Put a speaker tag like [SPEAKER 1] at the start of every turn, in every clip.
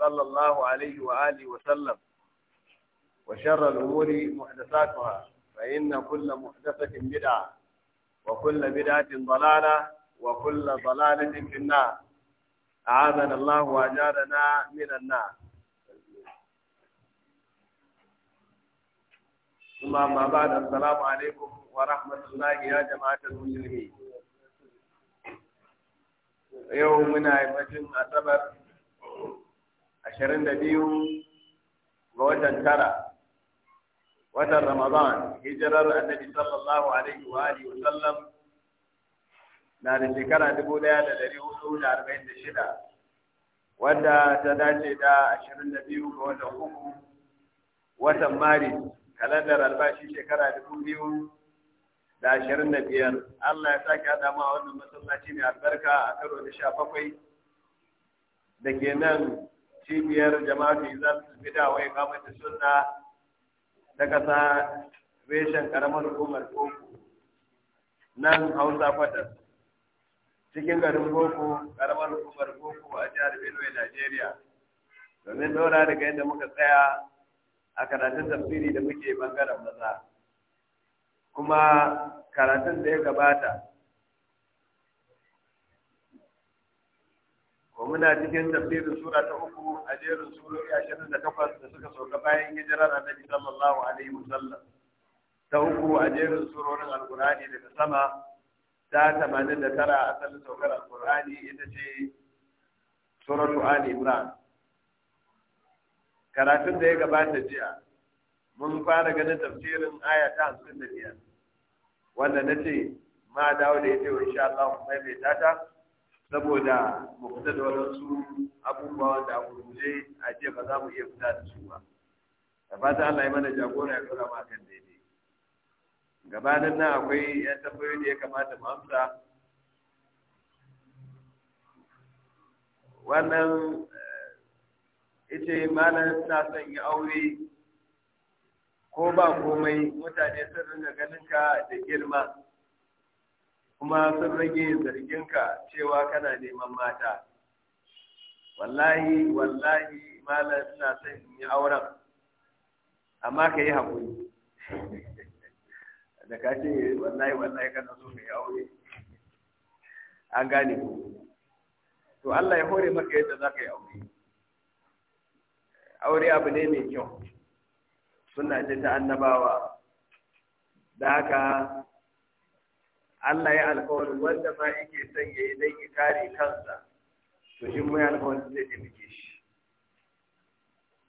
[SPEAKER 1] صلى الله عليه وآله وسلم وشر الأمور محدثاتها فإن كل محدثة بدعة وكل بدعة ضلالة وكل ضلالة في النار أعاذنا الله وأجارنا من النار ثم ما بعد السلام عليكم ورحمة الله يا جماعة المسلمين
[SPEAKER 2] يومنا
[SPEAKER 1] أيام أسبر ashirin da biyu ga watan tara watan ramadan hijirar annabi sallallahu alaihi wa alihi wa sallam na da shekara dubu daya da dari hudu da arba'in da shida wanda ta dace da ashirin da biyu ga watan uku watan maris kalandar albashi shekara dubu biyu da ashirin da biyar Allah ya sake haɗa ma wannan masallaci mai albarka a karo da sha bakwai da ke nan cibiyar jama'atu izalatul bid'a wa iqamatu sunna ta kasa reshen karamar hukumar koko nan Hausa Fatas cikin garin koko karamar hukumar Boko a jihar Benue Najeriya domin dora daga yadda muka tsaya a karatun tafsiri da muke bangaren maza kuma karatun da ya gabata wa muna cikin tafsirin sura ta uku a jerin surori ashirin da takwas da suka sauka bayan hijirar annabi sallallahu alaihi wasallam ta uku a jerin surorin alkur'ani daga sama ta tamanin da tara a asalin saukar alkur'ani ita ce suratu ali imran karatun da ya gabata jiya mun fara ganin tafsirin aya ta hamsin da biyar wanda na ce ma dawo da ya ce wa insha Allah saboda mu fita da wadansu abubuwa da a gurguje a ce ba za mu iya fita da su ba da fata Allah ya mana jagora ya kula daidai gabanin nan akwai yan tambayoyi da ya kamata mu amsa wannan eh, ita malam ta son yi aure ko ba komai mutane sun ringa ganin ka da girma kuma sun rage zarginka cewa kana neman mata wallahi wallahi malam ina son in yi auren amma ka yi haƙuri da ka ce wallahi wallahi kana so ka yi aure an gane ku to Allah ya hore maka yadda za ka yi aure aure abu ne mai kyau suna ta annabawa da haka Allah ya alƙawarin wanda ma yake son ya yi zai ya kare kansa to shi mai alƙawarin zai taimake shi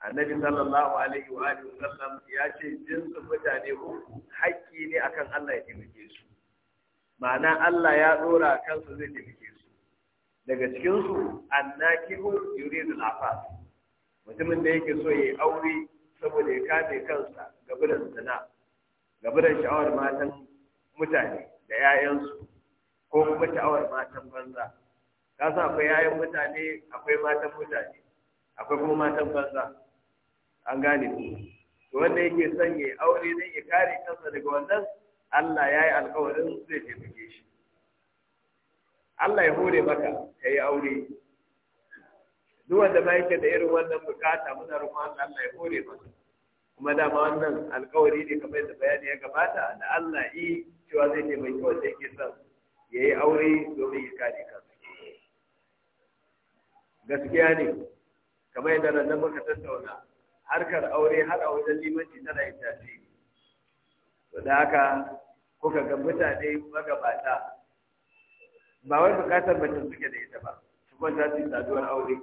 [SPEAKER 1] annabi sallallahu alaihi wa alihi ya ce jinsu mutane uku haƙƙi ne akan Allah ya taimake su ma'ana Allah ya dora kansa zai taimake su daga cikin su annakihu yuridu al-afaf mutumin da yake so ya yi aure saboda ya kame kansa gaba da zina da sha'awar matan mutane da 'ya'yansu ko kuma sha'awar matan banza ka san akwai 'ya'yan mutane akwai matan mutane akwai kuma matan banza an gane ku wanda yake son ya aure ne ya kare kansa daga wannan Allah ya yi alkawarin zai taimake shi Allah ya hore maka ka yi aure duk wanda ba yake da irin wannan bukata muna roƙon Allah ya hore maka kuma dama wannan alkawari ne kamar da bayani ya gabata da Allah yi cewa zai taimaki sai ke son ya yi aure domin ya kare kansa gaskiya ne kamar yadda nan muka tattauna harkar aure har a wajen limanci tana yin tasiri to da haka kuka ga mutane magabata ba wai bukatar mace suke da ita ba su kwanta su saduwar aure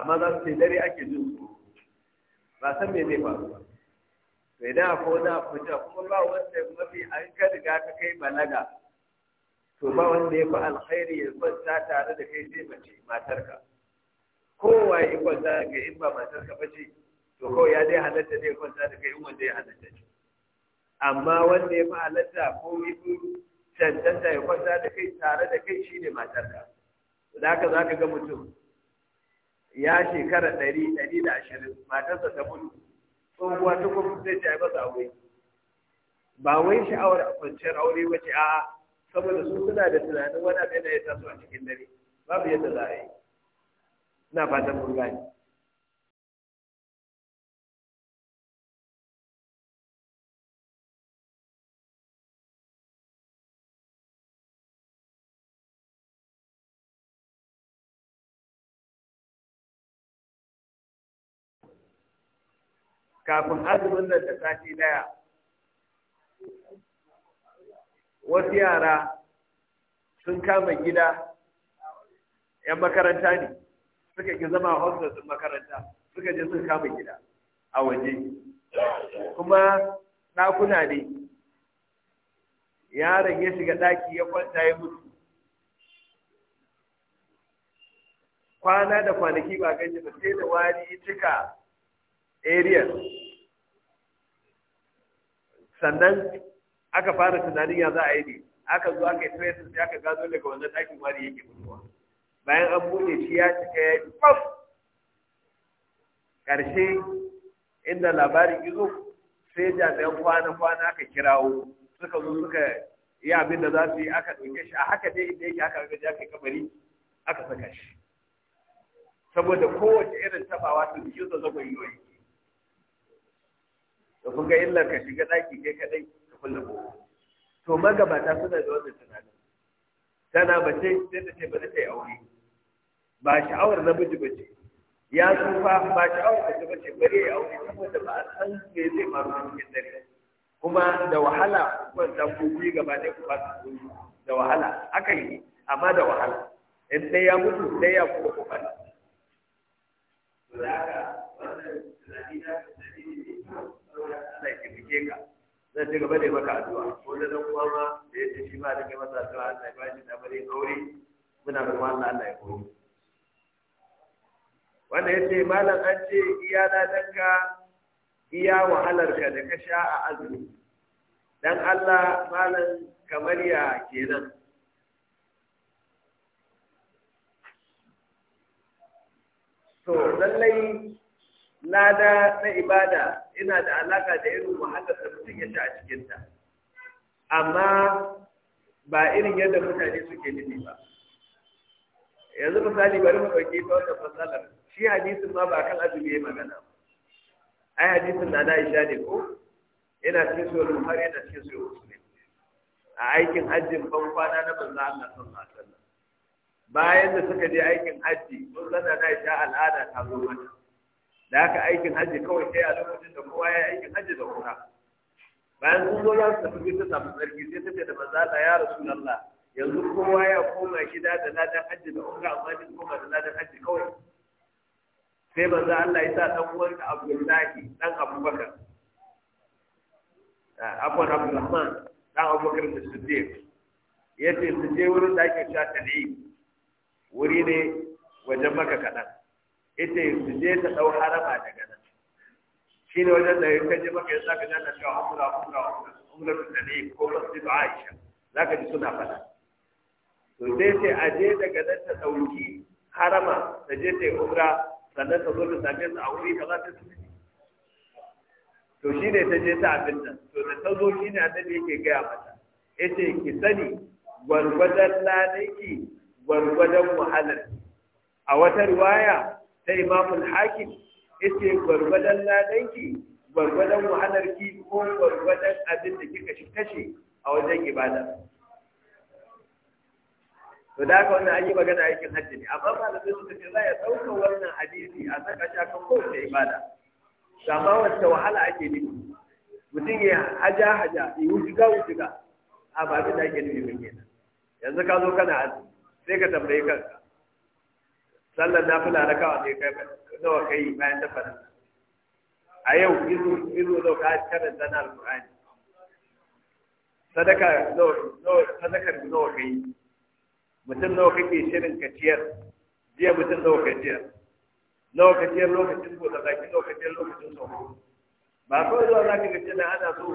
[SPEAKER 1] amma za su ce dare ake jin su ba san me zai faru ba to da akwai wani abu kuma ba wanda mafi an ka riga ka kai balaga to ba wanda ya fi alkhairi ya kwanta tare da kai sai mace matarka kowa ya kwanta da kai in ba matarka ba ce to kawai ya dai halatta zai kwanta da kai in wanda ya halatta ce amma wanda ya fi halatta ko yi fi cancanta ya kwanta da kai tare da kai shine matarka da haka za ka ga mutum ya shekara ɗari ɗari da ashirin matarsa ta mutu tsohuwa ta kuma zai ce a masa aure ba wai sha'awar a kwanciyar aure wace a saboda su suna da tunanin wani abin da ya taso a cikin dare babu yadda za a yi na fatan mun kafin azumin nan da sati daya wasu yara sun kama gida yan makaranta ne suka ki zama hostel sun makaranta suka je sun kama gida a waje kuma ɗakuna ne yaron ya shiga ɗaki ya kwanta ya mutu kwana da kwanaki ba gaji ba sai da wari cika area sannan aka fara tunanin ya za a yi ne aka zo aka yi tracing sai aka gano daga wannan ɗakin wari yake fitowa bayan an buɗe shi ya cika ya yi ɓaf ƙarshe inda labarin izo sai jami'an kwana-kwana aka kirawo suka zo suka yi abin da za su yi aka ɗauke shi a haka dai inda yake aka gaji aka yi kamari aka saka shi saboda kowace irin tabawa su jikin sa yoyi da kun ga illar ka shiga ɗaki kai kaɗai ka kulle kowa to magabata suna da wannan tunanin tana ba sai ta ce ba ta yi aure ba sha'awar namiji ba ce ya tsufa ba sha'awar ta ba ce bari ya aure saboda ba a san me zai faru cikin dare kuma da wahala kuma ko kuyi gaba ɗaya ku ba su da wahala aka yi amma da wahala in ɗaya ya mutu ɗaya ya kuma kuma ba haka taimake ka zan ci gaba da maka addu'a ko da dan uwa ma da ya shi ba da kai masa addu'a Allah ya bashi da bare aure muna roƙon Allah Allah ya koyi wanda ya ce malam an ce iya na danka iya wahalar ka da ka sha a azumi dan Allah malam kamar ya kenan to lallai lada na ibada ina da alaka da irin wahalar da mutum ya sha a cikinta amma ba irin yadda mutane suke nufi ba yanzu misali bari mu ɗauki ta wata fasalar. shi hadisin ma ba kan azumi ya magana ai hadisin na na isha ne ko ina cikin suyar buhari yana cikin suyar musulmi a aikin hajjin ban kwana na banza Allah sallallahu alaihi wasallam
[SPEAKER 2] bayan da suka je
[SPEAKER 1] aikin hajji sun sana na isha al'ada ta zo mata da aka aikin hajji kawai sai a lokacin da kowa ya aikin hajji da kuma bayan sun zo za su tafi sai ta samu tsarki sai ta ce da manzo Allah ya Allah yanzu kowa ya koma gida da ladan hajji da umra amma ni koma da ladan hajji kawai sai manzo Allah ya sa dan uwanka Abdullahi dan Abubakar Abubakar ah, Abdulrahman dan Abubakar da Siddiq yace su je wurin da ake cewa tali wuri ne wajen maka kaɗan ita su je ta ɗau harama daga nan shi ne wajen da ka je maka yasa ka jana cewa umra umra da ta ne ko ba aisha za ka ji suna fada to sai sai a je daga nan ta ɗauki harama ta je ta yi umra sannan ta zo ta same su a wuri ka za ta su to shi ne ta je ta abin nan to da ta zo shi ne annabi yake gaya mata ita ki sani gwargwadon ladanki gwargwadon wahalar a wata riwaya ta imamul hakim yace gwargwadon ladanki gwargwadon wahalar ki ko gwargwadon abin da kika shi kashe a wajen ibada to da haka wannan an yi magana aikin hajji ne amma malamai suka ce za ya ɗauka wannan hadisi a saka shi akan kowace ibada amma wacce wahala ake nufi mutum ya haja haja ya wujuga wujuga a ba abin da ake nufi ba kenan yanzu ka zo kana azumi sai ka tambaye kanka sallar nafila raka'a ne kai nawa kai bayan ta farilla a yau izu izu zo ka karanta na alqur'ani sadaka nawa sadakar nawa kai mutum nawa kake shirin ka ciyar jiya mutum nawa ka ciyar nawa ka ciyar lokacin gobe zaki nawa ka ciyar lokacin sauko ba kawai zuwa zaka ga cewa ana so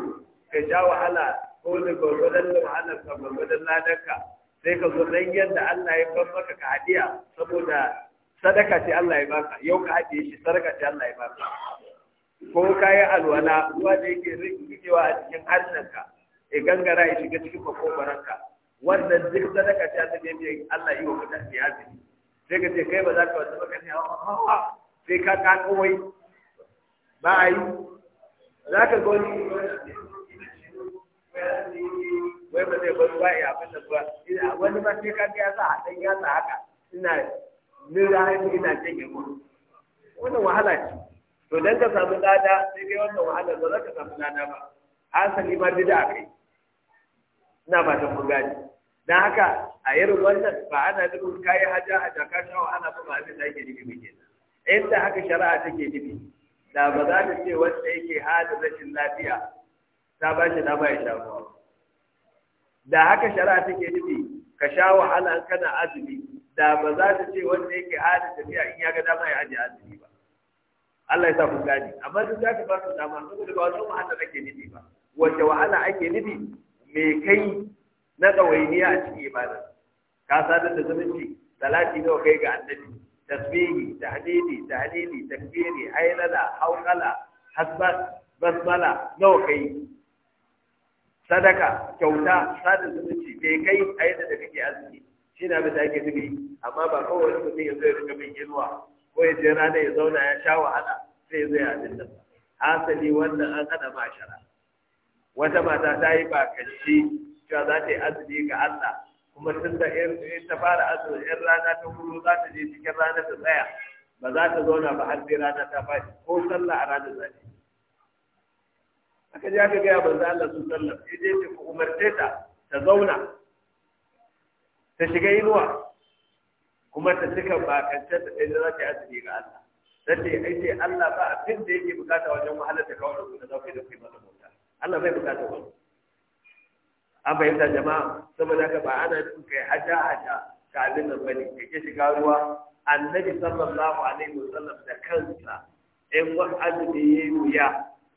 [SPEAKER 1] ka ja wahala ko da gwargwadon da wahalar ka gwargwadon ladanka sai ka zo dan yadda Allah ya ban maka ka hadiya saboda sadaka ce Allah ya baka yau ka haɗe shi sadaka ce Allah ya baka
[SPEAKER 3] ko ka yi alwala
[SPEAKER 1] ruwa da yake rikicewa a cikin hannunka ya gangara ya shiga cikin makobaranka wannan duk sadaka ce ta ne Allah yi wa ya azumi sai ka ce kai ba za ka wata baka ne hawa sai ka ka kawai ba a yi za ka ga wani wai ba zai bar ruwa ya abin da ba wani ba sai ka ga ya sa haɗin ya sa haka ina ni ranar ni ina janye gudu wannan wahala ce to dan ka samu lada sai kai wannan wahala ba za ka samu lada ba asali ma bid'a kai ina ba ta gani dan haka a irin wannan ba ana nufin kayi haja a jaka shawa ana ba abin da yake nufi kenan inda haka shari'a take nufi da ba za ta ce wanda yake halin rashin lafiya ta ba shi dama bai sha da haka shari'a take nufi ka sha wahala kana azumi da ba za ta ce wanda yake adi tafiya in ya ga dama ya ajiye azumi ba Allah ya sa kun gani amma duk za ka ba su dama da ba ma wahala nake nufi ba wace wahala ake nufi me kai na ɗawainiya a cikin ibada ka sadar da zumunci salati nawa kai ga annabi tasbihi tahlili tahlili takbiri ailala hawqala hasbat basmala nawa kai sadaka kyauta sadar zumunci me kai a da kake azumi shi na da ake nufi amma ba kawai wani mutum ya zai ya rika bin yunwa ko ya je rana ya zauna ya sha wahala sai zai abin nan hasali wannan an hana mashara. shara wata mata ta yi ba bakanci cewa za ta yi azumi ga Allah kuma tun da in ta fara azumi in rana ta kuro za ta je cikin rana ta tsaya ba za ta zauna ba har sai rana ta fashi ko sallah a ranar za ta aka je aka gaya manzo Allah su sallah sai dai ta umarce ta ta zauna ta shiga inuwa kuma ta cika bakancen da ɗaya za ta yi azumi ga Allah dan da ai sai Allah ba abin da yake bukata wajen wahalar da kawai da za ku da ku yi mota, Allah bai bukata wani an fahimta jama'a saboda haka ba ana cin kai haja haja ga abin nan bane kake shiga ruwa annabi sallallahu alaihi wasallam da kansa in wani azumi ya yi wuya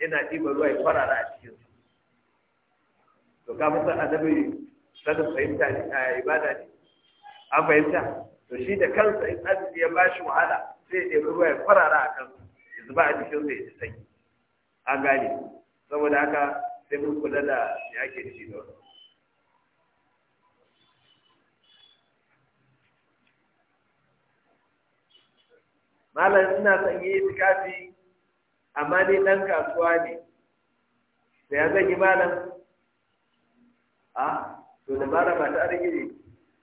[SPEAKER 1] ina ɗiba ruwa ya farara a cikin su to ka san annabi sanin fahimta eh, ibada ne A fahimta to shi da kansa in azumi ya ba shi wahala sai ya ɗebi ruwa ya farara a kansa ya zuba a cikin sa ya ji sanyi an gane saboda haka sai mun kula da ya ake ci da malam ina son yi tikafi amma ne dan kasuwa ne da ya zan yi malam a ah, to da mara ba ta rage ne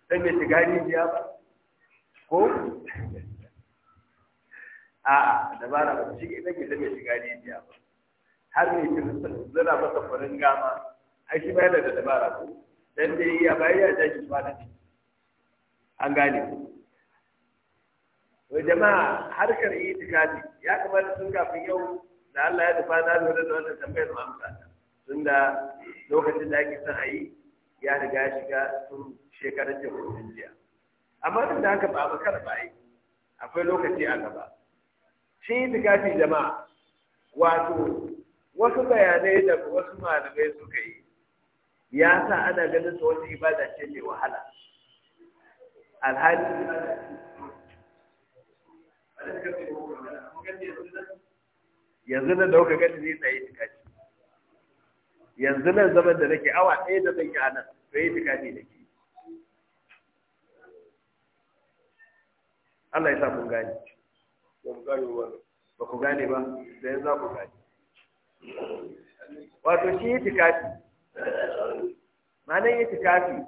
[SPEAKER 1] don ya shiga rijiya ba ko a'a dabara ba shi idan ke zama shiga rijiya ba har ne ki zana masa farin gama ai shi bayan da dabara ko dan da ya bayan ya ja shi ne an gane ku wai jama'a harkar itikafi ya kamata sun gafi yau da Allah ya tafa na lura da wannan tambayar mu amsa tunda lokacin da ake son a yi ya riga ya shiga tun shekarar jamhuriyar jiya amma duk da haka ba a kar ba akwai lokaci a gaba shi itikafi jama'a wato wasu bayanai da wasu malamai suka yi ya sa ana ganin su wata ibada ce mai wahala alhali yanzu na dauka gani ne tsaye tukaci yanzu nan zaman da nake awa ɗaya da zan yi a nan to yi tikadi da ke Allah ya sa mun gane ba ku gane ba da yanzu za ku gane wato shi yi tikafi ma'anin yi tikafi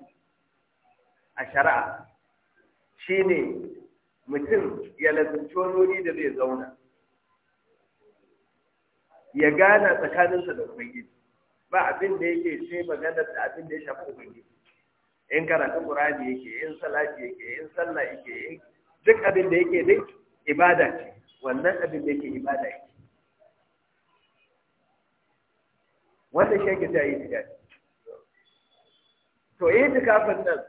[SPEAKER 1] a shari'a shi ne mutum ya lantarki wani da zai zauna ya gana tsakaninsa da ubangiji ba abin da yake ce maganar da abin da ya shafi ubangiji in karatun qur'ani yake in salati yake in sallah yake duk abin da yake dai ibada ce wannan abin da yake ibada ce wanda shi yake ta yi tiya to yi tikafin nan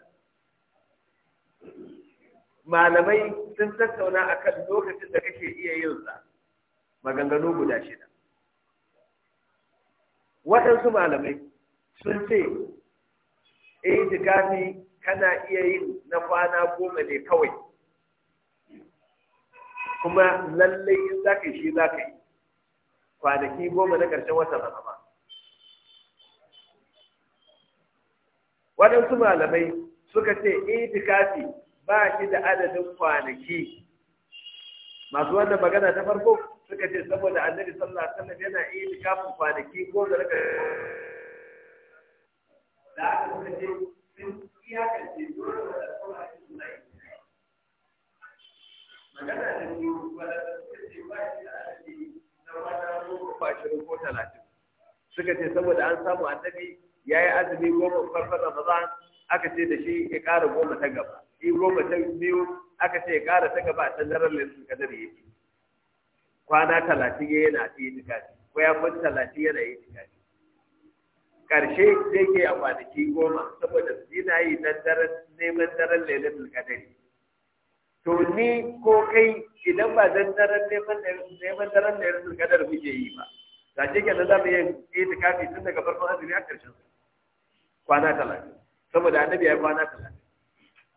[SPEAKER 1] malamai sun tattauna akan lokacin da kake iya yin sa maganganu guda shida waɗansu malamai sun ce itikafi kana iya yin na kwana goma ne kawai kuma lallai in za ka yi shi za ka yi kwanaki goma na ƙarshen watan ramadan waɗansu malamai suka ce itikafi ba shi da adadin kwanaki masu wannan magana ta farko suka ce saboda annabi sallallahu alaihi wasallam yana iya kafin kwanaki ko da raka da aka suka ce sun iyakance dole da sauran suna yi magana da su wanda suka ce ba shi da alaji na wata goma ba ashirin ko talatin suka ce saboda an samu annabi ya yi azumi goma farkon ramadan aka ce da shi ya ƙara goma ta gaba in goma ta biyu aka ce ya ƙara ta gaba a can daren lantarki kadar yake kwana talatin ya yana itikafi ko ya kun talatin yana itikafi karshe zai ke a kwanaki goma saboda yana yi daren neman daren lailatul qadari to ni ko kai idan ba dan daren neman daren lailatul kadar muke yi ba da ke kenan za mu yi itikafi tun daga farkon azumi a karshen kwana talatin saboda annabi ya kwana talatin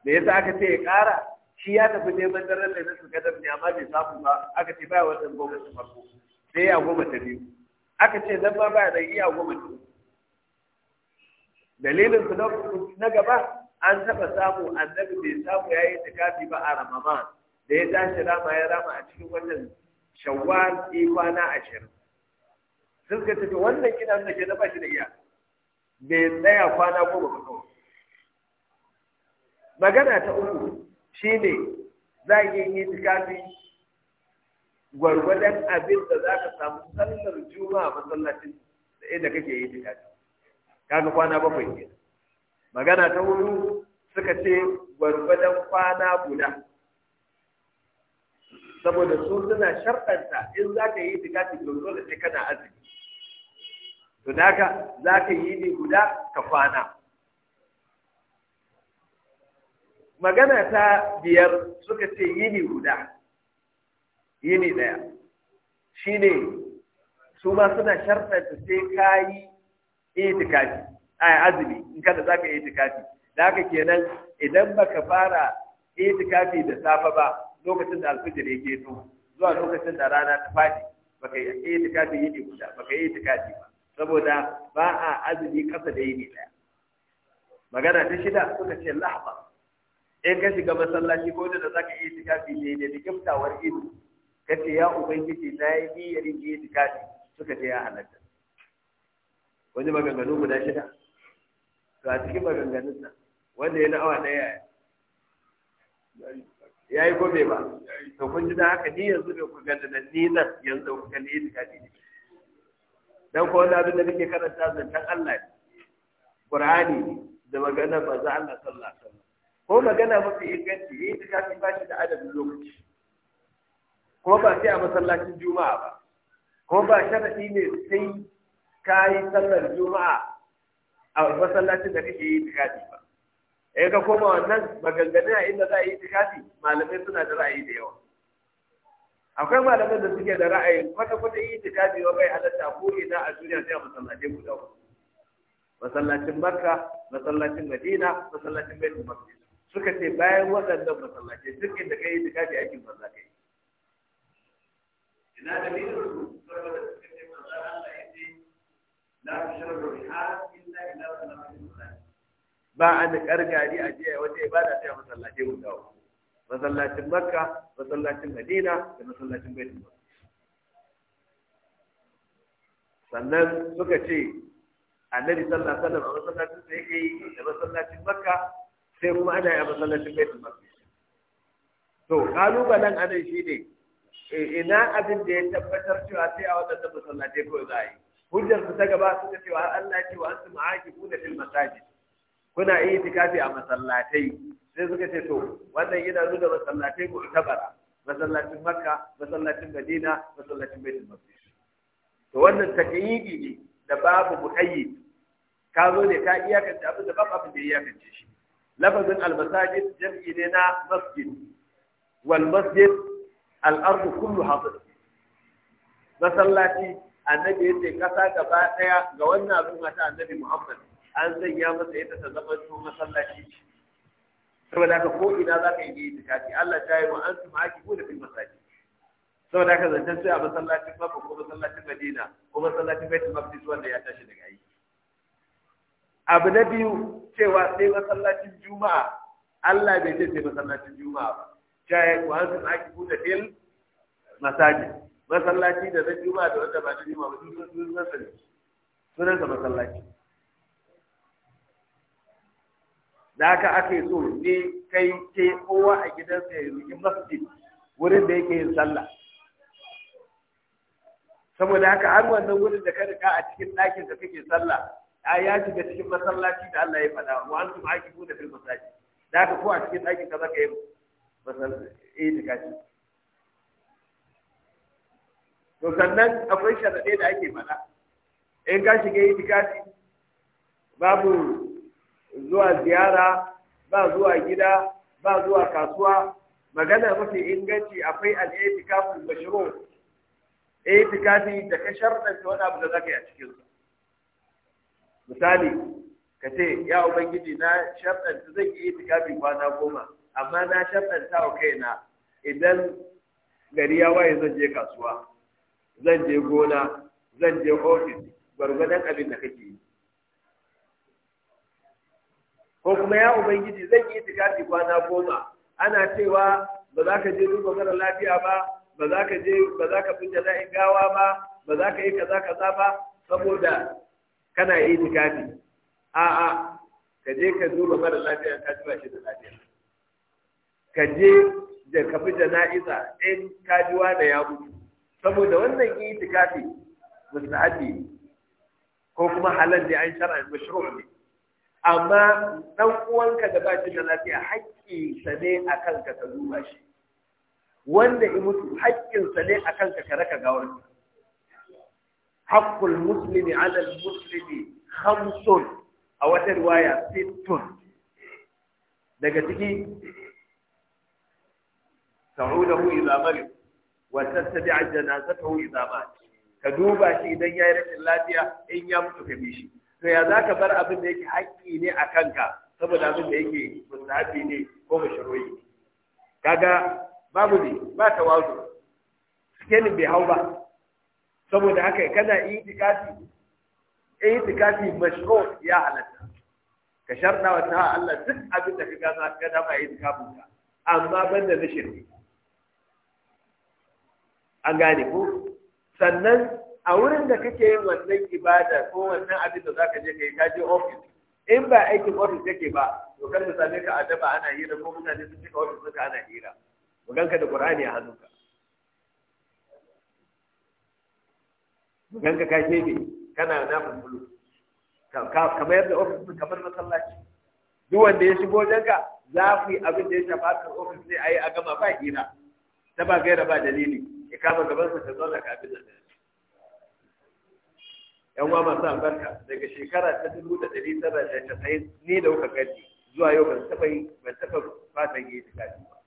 [SPEAKER 1] me yasa aka ce ya kara shi ya tafi neman daren da nasu kadar ne amma bai samu ba aka ce baya wannan goma su farko sai ya goma ta biyu aka ce zan ma baya da iya goma ta dalilin su na gaba an taba samu annabi bai samu ya yi tikafi ba a ramama da ya tashi rama ya rama a cikin wannan shawwal kwana ashirin sun ka tafi wannan kina nuna ke na bashi da iya bai tsaya kwana goma ba kawai magana ta uku shi ne za a yi itikafi gwargwadon abin da za ka samu sallar juma a masallacin da inda kake yi itikafi kaga kwana bakwai ne magana ta wuri suka ce gwargwadon kwana guda saboda su suna sharɗanta in za ka yi itikafi to dole sai kana azumi to da za ka yi ne guda ka kwana magana ta biyar suka ce yini guda yini daya. shi ne su ma suna ta sai ka yi itikafi a azumi in kada za ka yi itikafi da haka kenan idan baka fara itikafi da safe ba lokacin da alfijir ya to zuwa lokacin da rana ta faɗi baka yi itikafi yini guda baka yi itikafi ba saboda ba a azumi kasa da yini daya. magana ta shida suka ce lahabar in ka shiga masallaci ko da zaka yi itikafi ne da dikiftawar ido kace ya ubangiji na yi niyyar yin itikafi suka ce ya halatta wani maganganu guda shida to a cikin maganganun nan wanda ya na awa daya ya yi ko bai ba to kun ji da haka ni yanzu ne ku ganda da ni nan yanzu ku ganda itikafi ne dan ko wani abin da nake karanta zancen Allah ne Qur'ani da maganar manzo Allah sallallahu alaihi wasallam ko magana mafi inganci yi ta kafi ba shi da adadin lokaci ko ba sai a masallacin juma'a ba ko ba sharaɗi ne sai ka yi sallar juma'a a masallacin da kake yi tikafi ba eh ka koma wannan maganganun a inda za a yi tikafi malamai suna da ra'ayi da yawa akwai malamai da suke da ra'ayi kwata kwata yi tikafi wa bai halatta ko ina a duniya sai a masallacin guda masallacin makka masallacin madina masallacin baitul maqdis suka ce bayan waɗannan masallaci duk inda kai da kafi aikin banza kai ina da ni da su da suka ce manzan Allah ya ce la tushrabu biha illa ila salatin ba a da kargari a jiya wata ibada ta masallaci mun dawo masallacin Makka masallacin Madina da masallacin Baitul Maqdis sannan suka ce annabi sallallahu alaihi wasallam a masallacin da yake yi da masallacin Makka sai kuma ana yi a masallacin baitul maqdis
[SPEAKER 3] to kalubalen
[SPEAKER 1] anan ne, eh, ina abin da ya tabbatar cewa sai a waɗannan masallatai ko za a yi hujjar su ta gaba suka cewa Allah ce wa antum ku fil filmasaji? kuna yi tikafi a masallatai sai suka ce to wannan yana nuna masallatai ko tabara masallacin Makka masallacin Madina masallacin Baitul Maqdis to wannan taqyidi ne da babu muqayyid ka zo ne ka iyakance abin da babu abin da ya iyakance shi lafazin almasajid jam'i ne na masjid wal masjid al'ardu kullu hafiz masallaci annabi yace kasa gaba daya ga wannan al'umma ta annabi Muhammad an sanya masa yadda ta zama su masallaci saboda ka ko ina za ka yi itikafi Allah ta yi wa ko da fil masajid
[SPEAKER 3] saboda ka zancen sai a
[SPEAKER 1] masallacin Makka ko masallacin Madina ko masallacin Baitul Maqdis wanda ya tashi daga aiki abu na biyu cewa sai masallacin juma'a Allah bai ce sai masallacin juma'a ba shaye ku an na aki buɗe fil masaji. masallaci da na juma'a da wanda ba na juma'a ba sun sun sun sun sun masallaci da haka ake so ne kai ke kowa a gidansa ya yi masjid wurin da yake yin sallah saboda haka har wannan wurin da ka riga a cikin ɗakin da kake sallah ayati da cikin masallaci da Allah ya faɗa wa antum da fil masajid da ka ko a cikin ɗakin ka zaka yi masallaci eh, to sannan akwai sharaɗe da ake faɗa in ka shiga itikafi babu zuwa ziyara ba zuwa gida ba zuwa kasuwa magana mafi inganci akwai al-itikaful mashru' itikafi da ka sharɗanta wani abu da zaka yi a cikin sa misali ka ce ya ubangiji na shaɗanta zan yi itikafi kwana goma amma na shaɗanta wa kaina idan gari ya waye zan je kasuwa zan je gona zan je ofis gwargwadon abin da kake yi ko kuma ya ubangiji zan yi itikafi kwana goma ana cewa ba za ka je duba mara lafiya ba ba za ka je ba za ka fi jala'in gawa ba ba za ka yi kaza kaza ba saboda kana itikafi a'a ka je ka duba mara lafiya ka duba shi da lafiya ka je da ka fi jana'iza in ka ji da ya mutu saboda wannan itikafi mustahabi ko kuma halar da an shar'a mashru' ne amma dan uwanka da ba shi da lafiya haƙƙi sa ne akan ka ka duba shi wanda ya mutu haƙƙin ne akan ka ka raka gawar haqqul muslimi ala al muslimi khamsun a wata riwaya sittun daga ciki ta'udahu idza marid wa tattabi'a janazatahu idza mat ka duba shi idan yayi rashin lafiya in ya mutu ka to ya zaka bar abin da yake haƙƙi ne a kanka saboda abin da yake mustahabi ne ko mashruyi kaga babu ne ba tawazu skenin bai hau ba saboda haka kana yi tikafi mashru ya halatta ka sharda wa ta Allah duk abin da ka gaza ka dama itikafin ka amma banda na shirki an gane ko sannan a wurin da kake yin wannan ibada ko wannan abin da zaka je kai ka je office in ba aikin office kake ba to kar ka same ka adaba ana hira ko mutane sun cika office suka ana hira mu ganka da Qur'ani a hannunka Ganga ka kebe kana na fulfulu kamar yadda ofis kamar masallaci duk wanda ya shigo janka, za ku yi abin da ya shafa kan ofis ne a yi a gama ba hira ta ba gaira ba dalili ya kama sa ta zauna kafin abin da yan uwa masu albarka daga shekara ta dubu da ɗari tara da casa'in ni da kuka gani zuwa yau ban taɓa yi ban taɓa ta yi tikafi ba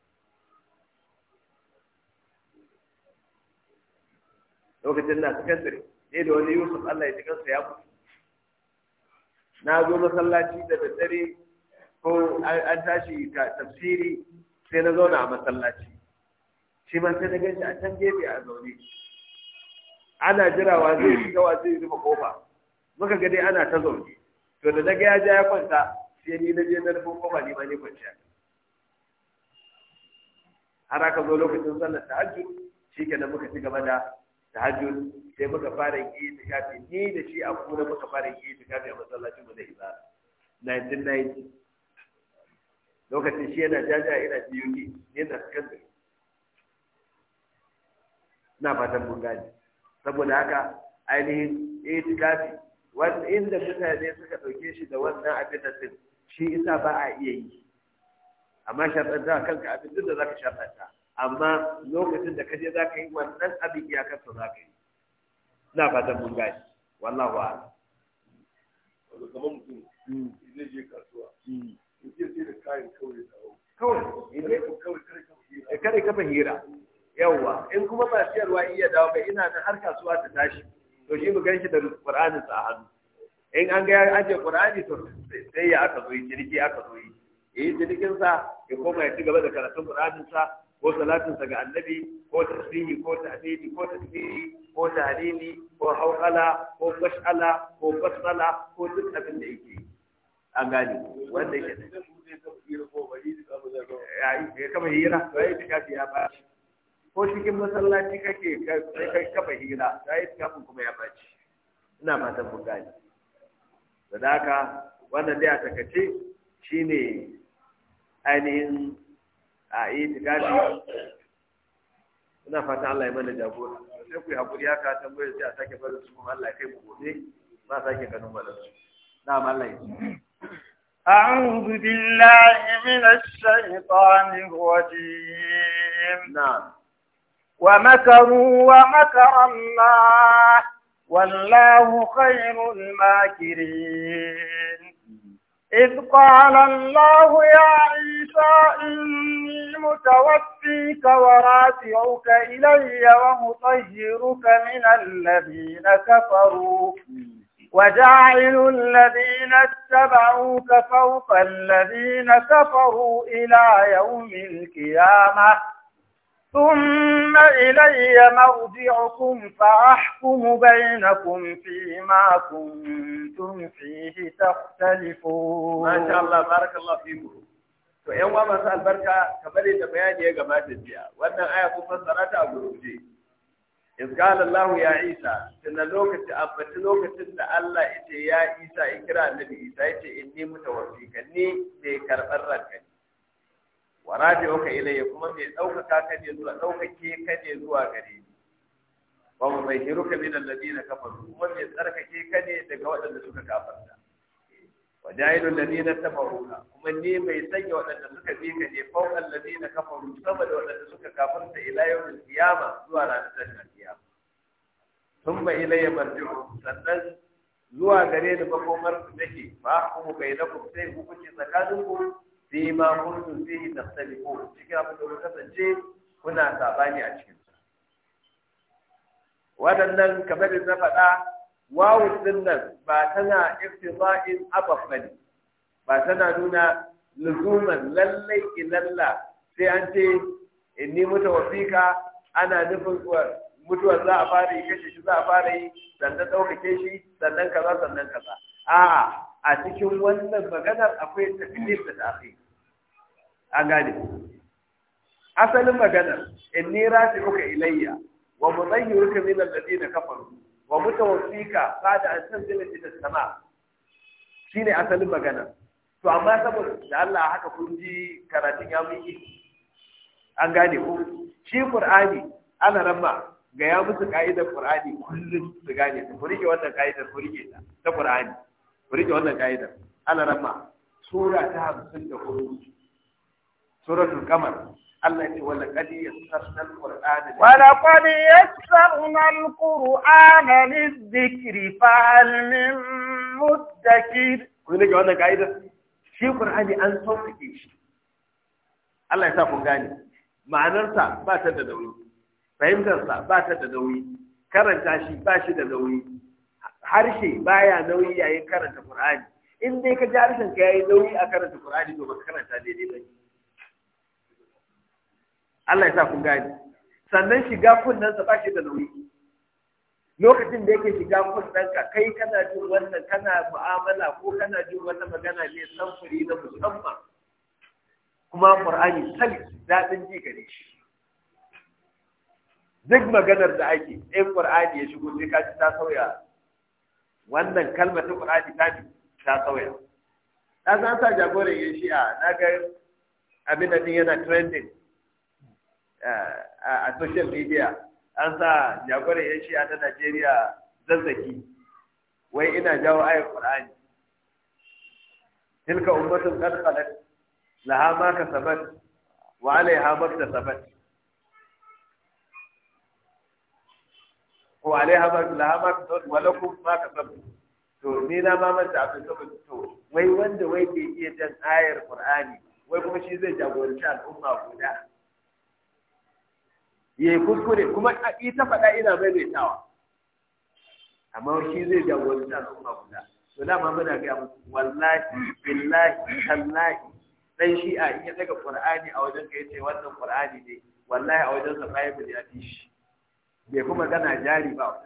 [SPEAKER 1] lokacin na sakandare ne da wani yusuf allah ya ji kansa ya mutu na zo masallaci da daddare ko an tashi tafsiri sai na zauna a masallaci shi ma sai na ganshi a can gefe a zaune ana jirawa zai shiga wa zai rufe kofa muka ga dai ana ta zaune to da daga ya ja ya kwanta sai ni na je na rufe kofa ni ma ne kwanciya har aka zo lokacin sallar tahajjud shi kenan muka ci gaba da tahajjud sai muka fara yi kafi, ni da shi a kuma muka fara yi kafi a masallacin mu da izara 1990 lokacin shi yana jaja ina biyu ne yana sakandare na fatan mun saboda haka ainihin itikafi wanda inda mutane suka dauke shi da wannan abin da shi isa ba a iya yi amma a kanka abin da zaka shafanta amma lokacin da kaje zaka yi wannan abin za zaka yi ina fatan mun gashi, gani wallahu a'lam kamar mutum hmm. zai je kasuwa yake hmm. sai da kayan kawai dawo kawai kare kafa hira eh, yawa? in kuma ba siyarwa iya dawo ba ina da har kasuwa ta tashi to shi mu ganshi da qur'anin sa hannu in an ga ya aje qur'ani to sai ya aka zo yi ciniki aka zo yi eh cinikin sa ya koma ya ci gaba da karatun qur'anin sa ko salatin sa ga annabi ko tasbihi ko tahmidi ko tasbihi ko tahrimi ko haukala ko fashala ko fasala ko duk abin da yake a gani wanda yake ya kama hira ya kuma ya fatan da haka wannan dai a takace shine ainihin a ina fata Allah ya mana jagora sai ku hakuri, ya ka san sai a sake barin su kuma Allah kai mu gobe ba sake ganin barin su na mallai
[SPEAKER 3] a'udhu billahi minash shaitanir rajim na'am wa ومكر الله wallahu خير الماكرين إذ قال الله يا عيسى إني متوفيك ورافعك إلي ومطهرك من الذين كفروا وجاعل الذين اتبعوك فوق الذين كفروا إلى يوم القيامة ثم إلي مرجعكم فأحكم بينكم فيما كنتم فيه تختلفون ما شاء الله
[SPEAKER 1] بارك الله فيكم
[SPEAKER 3] to 'yan uwa masu
[SPEAKER 1] albarka kamar da bayani ya gabata jiya wannan aya kun fassara ta a gurguje izqala Allahu ya Isa tunda lokaci ambaci lokacin da Allah yace ya Isa ya kira annabi Isa yace inni mutawaffika ni mai karɓar ranka wa raji'uka ilayya kuma mai ɗaukaka ka ne zuwa ɗaukake ka ne zuwa gare ni wa mutahhiruka min alladhina kafaru kuma mai tsarkake ka ne daga waɗanda suka kafarta wa jahilul ladina tabaruka kuma ni mai sanya waɗanda suka bi ka ne fawqa alladhina kafaru sama da waɗanda suka kafarta ila yawmil qiyama zuwa ranar tashin qiyama thumma ilayya marji'uhum sannan zuwa gare ni makomar su nake fa hukumu bainakum sai hukunci tsakaninku fi ma kuntum fihi ko cikin abin da kuka kasance kuna sabani a cikin waɗannan kamar da na faɗa wawu din nan ba tana iftira'in abaf bane ba tana nuna luzuman lallai ilalla sai an ce in ni mutu wafika ana nufin mutuwar za a fara yi kashe shi za a fara yi sannan ɗaukake shi sannan kaza sannan kaza a'a a cikin wannan maganar akwai takdir da ta'khir an gane asalin maganar in inni raji'uka ilayya wa da min na kafaru wa mutawaffika ba'da an tanzila ila as-sama' shine asalin maganar to amma saboda da Allah haka kun ji karatun ya miki an gane ko shi qur'ani ana ramma ga ya musu ka'idar qur'ani kullum su gane su furike wannan ka'idar furike ta ta qur'ani ku rike wannan ka'idar alarama sura ta hamsin da hudu suratul kamar Allah ya ce wala qad yassarna al-qur'ana wala
[SPEAKER 3] qad yassarna al-qur'ana lidh-dhikri fa hal min muddakir
[SPEAKER 1] ku rike wannan ka'idar shi qur'ani
[SPEAKER 3] an ke shi
[SPEAKER 1] Allah ya sa kun gane ma'anarsa ba ta da nauyi fahimtarsa ba ta da nauyi karanta shi ba shi da nauyi harshe baya nauyi yayin karanta Qur'ani in dai ka ji harshen ka yayi nauyi a karanta Qur'ani to baka karanta daidai ba Allah ya sa kun gane sannan shiga kunnen sa ba da nauyi lokacin da yake shiga kunnan ka kai kana jin wannan kana mu'amala ko kana jin wata magana ne samfuri na musamman kuma Qur'ani salis dadin ji gare shi duk maganar da ake in Qur'ani ya shigo sai ka ta sauya wannan kalmar ta Qur'ani ta bi ta sauya na san sa jagoran yin shi'a na ga abin da yana trending eh, a social media an sa jagoran yin shi'a na Najeriya zazzaki wai ina jawo ayar Qur'ani tilka ummatun qad khalat laha ma kasabat wa alaiha ma kasabat ko alaiha ma laha ma kasabtu wa lakum ma kasabtu to ni na ma manta abin saboda to wai wanda wai ke iya jan ayar qur'ani wai kuma shi zai jagoranci al'umma guda yayi kuskure kuma ita faɗa ina maimaitawa amma shi zai jagoranci al'umma guda to dama muna ga musu wallahi billahi tallahi dan shi a iya daga qur'ani a wajen ka yace wannan qur'ani ne wallahi a wajen sa bayan ya fi shi bai kuma gana jari ba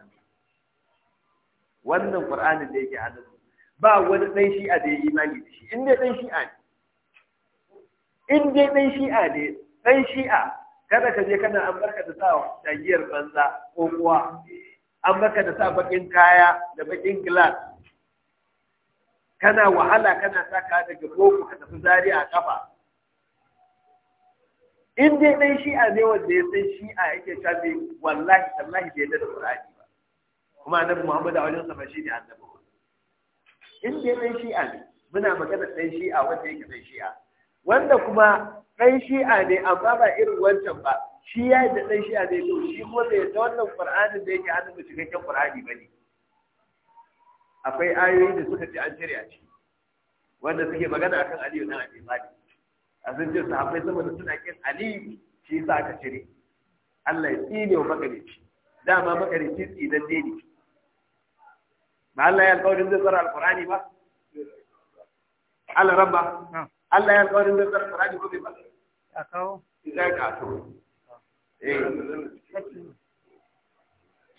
[SPEAKER 1] wannan wannan qur'anin da yake hannun ba wani dan shi'a da ya imani da shi in dai dan shi'a ne in dai dan shi'a ne dan shi'a kada ka je kana an barka da sa tagiyar banza ko kuwa an barka da sa bakin kaya da bakin glass kana wahala kana saka daga boko ka tafi zari a kafa in dai dan shi'a ne wanda ya san shi'a yake cewa wallahi tallahi bai da Qur'ani ba kuma annabi Muhammad a wajen sa shi ne annabi in dai dan shi'a ne muna magana dan shi'a wanda yake dan shi'a wanda kuma dan shi'a ne amma ba irin wancan ba shi ya yi da dan shi'a ne to shi kuma bai ta wannan Qur'ani da yake annabi da cikakken Qur'ani ne? akwai ayoyi da suka ce an jira shi. wanda suke magana akan Aliyu na Abi Talib a sun ce sahabbai saboda suna kin aliyu shi za aka cire Allah ya tsine wa makarici dama makarici tsinan ne ne ba Allah ya alƙawarin zai tsara alƙurani ba Allah rabba Allah ya alƙawarin zai tsara alƙurani ba bai ba a kawo ya to eh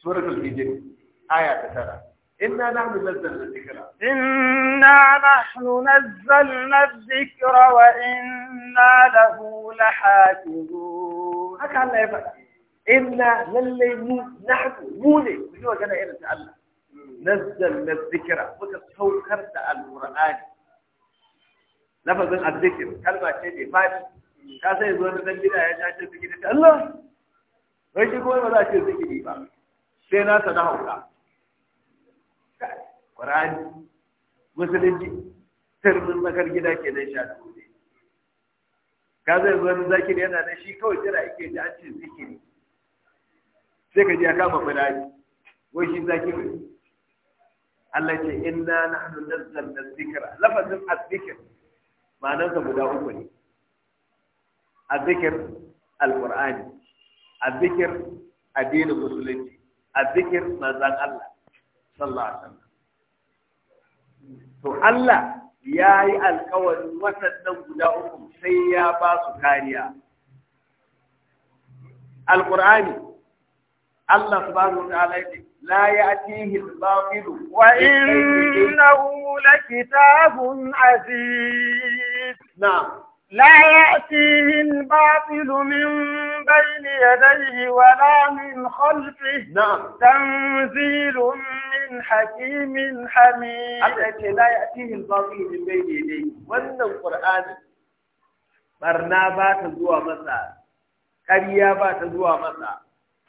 [SPEAKER 1] suratul hijr aya ta tara
[SPEAKER 3] إنا نحن نزلنا الذكر إنا نحن نزلنا الذكر وإنا له لحافظون هكا الله يفعل إنا للي مو
[SPEAKER 1] نحن مو لي مش كان إنا تعالى نزلنا الذكر وكسوكرت القرآن لفظ الذكر كلمة شيء فاتح كاسة يزور zo na dan gida ya ta ce zikiri ta Allah wai shi kuma ba za a ƙwarani musulunci turmin tsakar gida ke nan sha dole ka zai zuwa zakiri yana da shi kawai jira ake da an ce zikiri sai ka ji ya kama fulani wai shi zakiri Allah ce inna nahnu nazzalna dhikra lafazin azzikr ma'anar sa guda uku ne azzikr alqur'ani azzikr addinin musulunci azzikr manzon Allah sallallahu alaihi wasallam to Allah ya yi alkawarin waɗannan guda uku sai ya ba su kariya alqur'ani Allah
[SPEAKER 3] subhanahu wa ta'ala yake لا يأتيه الباطل وإنه لكتاب عزيز نعم لا يأتيه الباطل من بين يديه ولا من خلفه نعم تنزيل من حكيم حميد الله لا يأتيه الباطل من بين يديه وأن القرآن barna ba
[SPEAKER 1] ta zuwa masa ƙarya ba ta zuwa masa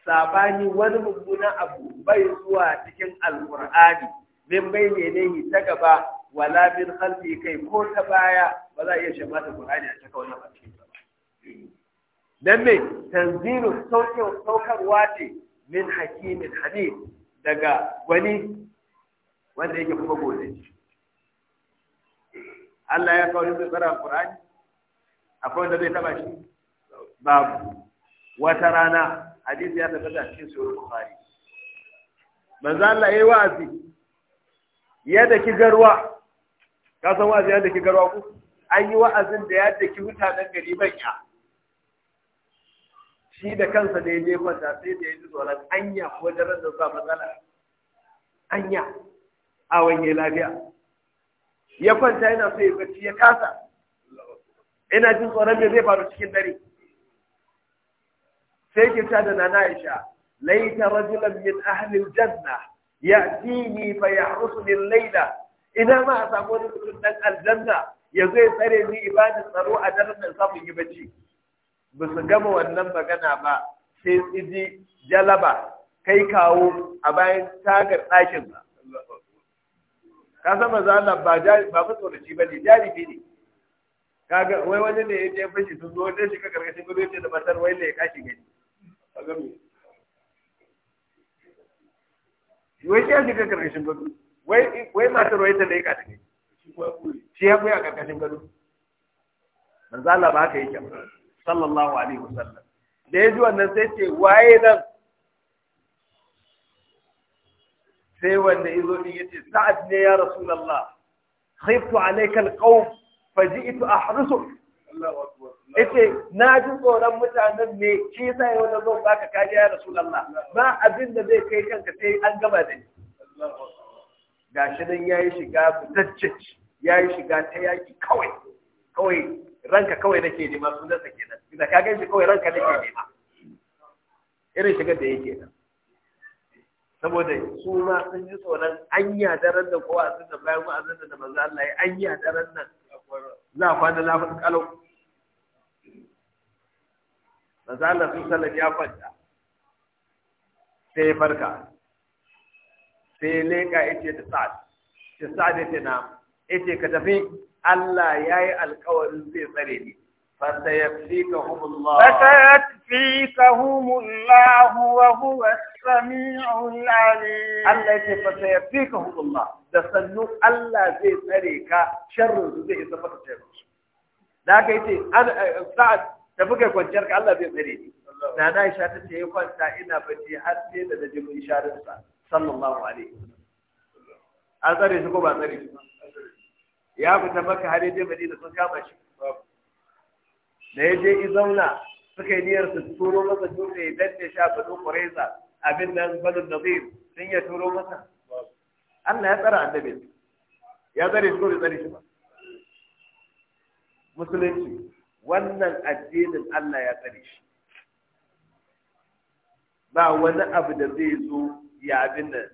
[SPEAKER 1] sabani wani mummunan abu bai zuwa cikin alƙur'ani min bai ne ta gaba wala min khalfi kai ko ta baya ba za a iya shaba da Qur'ani a cikin wannan bakin ba dan me tanzilu saukarwa ce min hakimin hadith daga wani wanda yake kuma gobe Allah ya kawo da tsara Qur'ani akwai wanda zai taba shi babu wata rana hadisi ya tabbata cikin sahih Bukhari manzo Allah yayi wa'azi ya daki garwa ka san wa'azi yadda ki garwa ku an yi wa'azin da ya daki mutanen gari manya. shi da kansa da ya je mata sai da ya ji tsoron anya ko daren da ba matsala anya a wanye lafiya ya kwanta yana so ya bacci ya kasa ina jin tsoron da zai faru cikin dare sai ke ta da nana Aisha laita rajulan min janna. Ya ya'tini fa yahrusuni al-layla ina ma a samu wani mutum dan aljanna ya zai tsare ni ibadin tsaro a daren da samun yi bacci ba su gama wannan magana ba sai tsiji jalaba kai kawo a bayan tagar ɗakin ba ka san maza Allah ba jari ba matsoraci ba ne jari ne kaga wai wani ne ya je fashi sun zo dai shi ka ba gudu ce da matar wai ne ya kashi gani kaga me wai ya shi ka karkashin gudu wai wai matar wai ta leƙa da shi ya buya karkashin gado manzo Allah ba haka yake sallallahu alaihi wasallam da yaji wannan sai ce waye nan sai wanda yazo ya ce, sa'ad ne ya rasu rasulullah khiftu alayka alqawm faji'tu ahrusuk Allahu akbar yace na ji tsoron mutanen ne shi yasa yau da zo baka kaje ya rasulullah ba abin da zai kai kanka sai an gaba da ni gashi nan yayi shiga fitacce yayi shiga ta yaki kawai kawai ranka kawai nake nema sun sa kenan idan ka ganshi kawai ranka nake nema irin shigar da yake nan saboda su ma sun ji tsoron an daren da kowa sun da bayan ma'azin da manzo Allah ya an daren nan za a kwana lafin kalau manzo Allah sun sallar ya kwanta sai ya farka sai leka yace da sa'ad ta sa'ad yace na yace ka tafi Allah yi alƙawarin zai tsare ni فسيكفيكهم الله
[SPEAKER 3] فسيكفيكهم الله وهو السميع العليم الله يتي فسيكفيكهم الله تسنو الله زي
[SPEAKER 1] تريك شر زي اذا ما تتبعش
[SPEAKER 3] ذاك يتي انا سعد
[SPEAKER 1] تفكر kwanciyarka Allah zai tsare ni na na isha ta ce kwanta ina bace har sai da naji mun isharar sallallahu alaihi wasallam an tsare shi ko ba tsare shi ya fita maka har yaje madina sun kama shi da yaje izauna zauna suka yi niyyar su turo masa dutse ya danne shi a banu quraiza abin nan banu nadir sun ya turo masa Allah ya tsara annabi ya tsare shi ko bai tsare shi ba musulunci wannan addinin Allah ya tsare shi ba wani abu da zai zo ya abin nan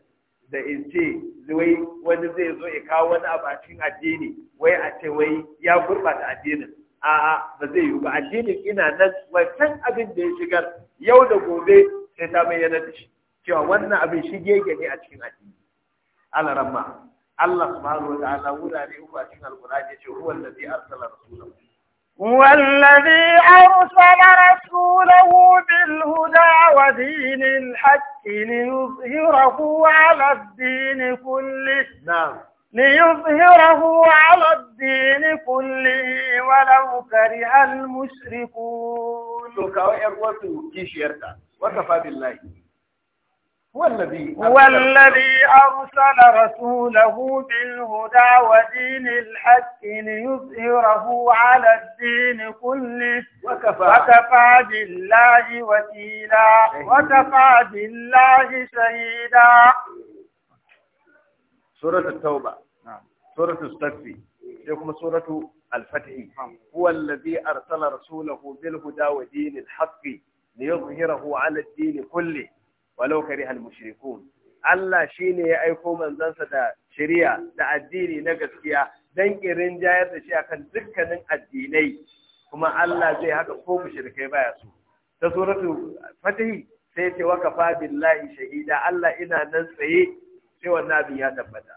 [SPEAKER 1] da in ce wai wani zai zo ya kawo wani abu a cikin addini wai a ce wai ya gurɓata addinin a'a ba zai yi ba addinin ina nan Wai san abin da ya shigar yau da gobe sai ta bayyana da shi cewa wannan abin
[SPEAKER 3] shi shige ne a cikin addini
[SPEAKER 1] Allah rahma Allah subhanahu wa ta'ala wurare uku a cikin alqur'ani ya ce huwa allazi arsala rasulahu
[SPEAKER 3] هو الذي أرسل رسوله بالهدى ودين الحق ليظهره على الدين كله نعم ليظهره على الدين كله ولو كره المشركون. تلك أو إخوة
[SPEAKER 1] وكفى بالله
[SPEAKER 3] هو الذي نعم. نعم. هو الذي أرسل رسوله بالهدى ودين الحق ليظهره على الدين كله وكفى, بالله وكيلا وكفى بالله شهيدا
[SPEAKER 1] سورة التوبة سورة الصف لكم سورة الفتح هو الذي أرسل رسوله بالهدى ودين الحق ليظهره على الدين كله walau karihal mushrikun Allah shine ya aiko manzansa da shari'a da addini na gaskiya dan kirin jayar da shi akan dukkanin addinai kuma Allah zai haka ko mushrikai baya so ta suratu fatihi sai ce wa kafa billahi shahida Allah ina nan tsaye sai wannan abin ya tabbata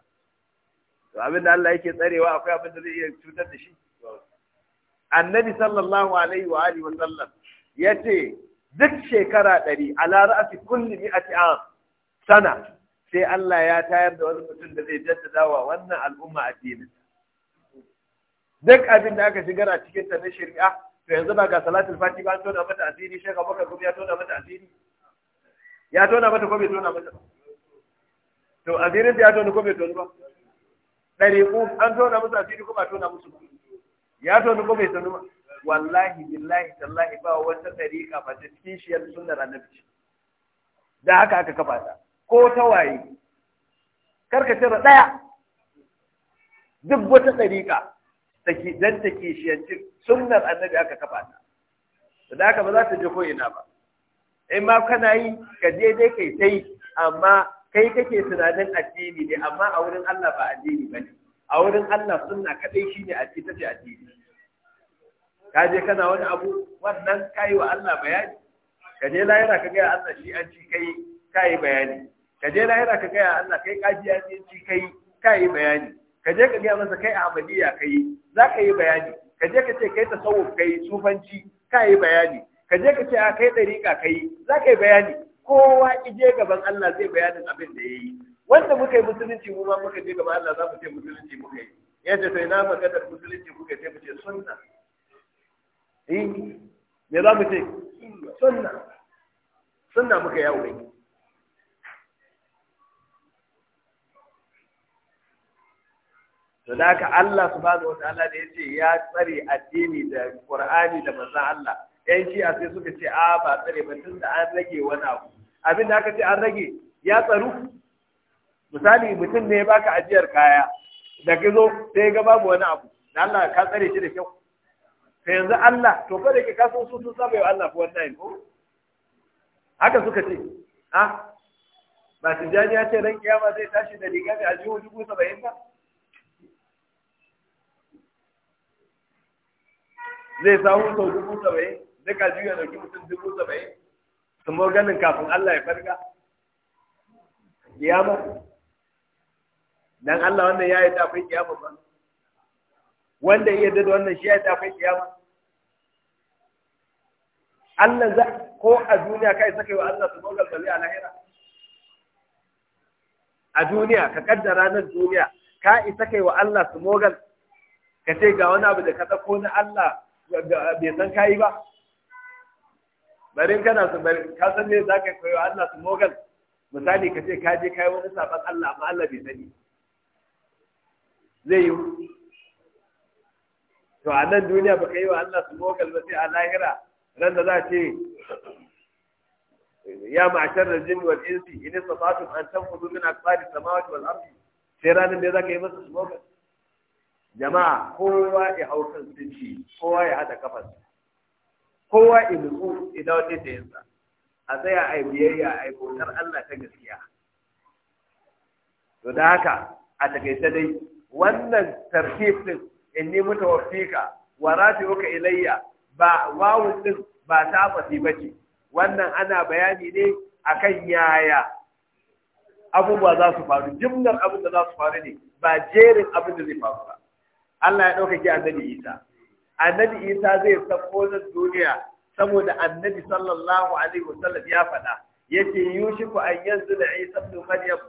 [SPEAKER 1] to abin da Allah yake tsarewa akwai abin da zai iya cutar da shi annabi sallallahu alaihi wa alihi wa sallam yace duk shekara ɗari a lara'afi kulli a am sana sai Allah ya tayar da wani mutum da zai jaddada wa wannan al'umma addinin duk abin da aka shigar a cikin ta na shari'a to yanzu ba ga salatul fati ba tona mata asiri shek abubakar kuma ya tona mata asiri ya tona mata ko bai tona mata to asirin ya tona ko bai tona ba ɗari ku an tona musu asiri ko ba tona musu ba ya tona ko bai tona ba wallahi billahi tallahi ba wata dariƙa ba ta kishiyar sunnar annabci da haka aka kafa ta ko ta waye karka cire ɗaya duk wata dariƙa take dan ta kishiyanci sunnar annabi aka kafa ta da haka ba za ta je ko ina ba Ai ma kana yi ka je dai kai sai amma kai kake tunanin addini ne amma a wurin Allah ba addini ne. a wurin Allah sunna kadai shine addini tace addini ka je kana wani abu wannan kai wa Allah bayani ka je lahira ka gaya Allah shi an ci kai kai bayani ka je lahira ka gaya Allah kai kaji ne ci kai kai bayani ka je ka gaya masa kai ka kai za ka yi bayani ka je ka ce kai tasawuf kai sufanci kai bayani ka je ka ce a kai dariƙa kai za ka yi bayani kowa ije gaban Allah zai bayanin abin da ya yi wanda muka yi musulunci mu ma muka je gaban Allah za mu ce musulunci muka yi yadda sai na maganar musulunci muka yi sai mu ce sunna eh me za mu ce sunna sunna muka yawo ne to da Allah subhanahu wataala da yace ya tsare addini da Qur'ani da manzon Allah yan shi'a sai suka ce a ba tsare ba tun da an rage wani abu abin da aka ce an rage ya tsaru misali mutum ne ya baka ajiyar kaya da ka zo sai ga babu wani abu da Allah ka tsare shi da kyau ka yanzu Allah to kada ke kaso su sun saba yau Allah fi wannan ko haka suka ce ha ba jani ya ce ran kiyama zai tashi da riga mai aljihu dubu saba'in ba zai samu sau dubu saba'in duk aljihu ya dauki mutum dubu saba'in su ganin kafin Allah ya farga kiyama dan Allah wannan ya yi ta akwai kiyama ba wanda ya yarda da wannan shi ya yarda akwai kiyama Allah za ko a duniya kai sakai wa Allah subhanahu wa ta'ala lahira a duniya ka kaddara nan duniya ka isa kai wa Allah su mogal ka ce ga wani abu da ka dauko na Allah bai san kai ba bari kana su bari ka san me zaka koyo Allah su mogal, misali ka ce ka je kai wani sabon Allah amma Allah bai sani zai yi to a nan duniya baka yi wa Allah su mogal ba sai a lahira ran da za ce ya ma'ashar da jin wal insi in istata'tum an tanfudu min tsari samawati wal ardi sai ranar da zaka yi masa su mogal jama'a kowa ya hau kan sunci kowa ya hada kafar kowa ya nutsu idan wani da yinsa a tsaya a yi biyayya a yi bautar Allah ta gaskiya to da haka a takaice dai wannan tartib inni mutawaffika wa rafi'uka ilayya ba wawu din ba ta fasi bace wannan ana bayani ne akan yaya abubuwa za su faru jimlar abin da za su faru ne ba jerin abin da zai faru ba Allah ya ɗaukaki annabi Isa annabi Isa zai sako na duniya saboda annabi sallallahu alaihi wasallam ya faɗa yace yushiku an da Isa ibn Maryam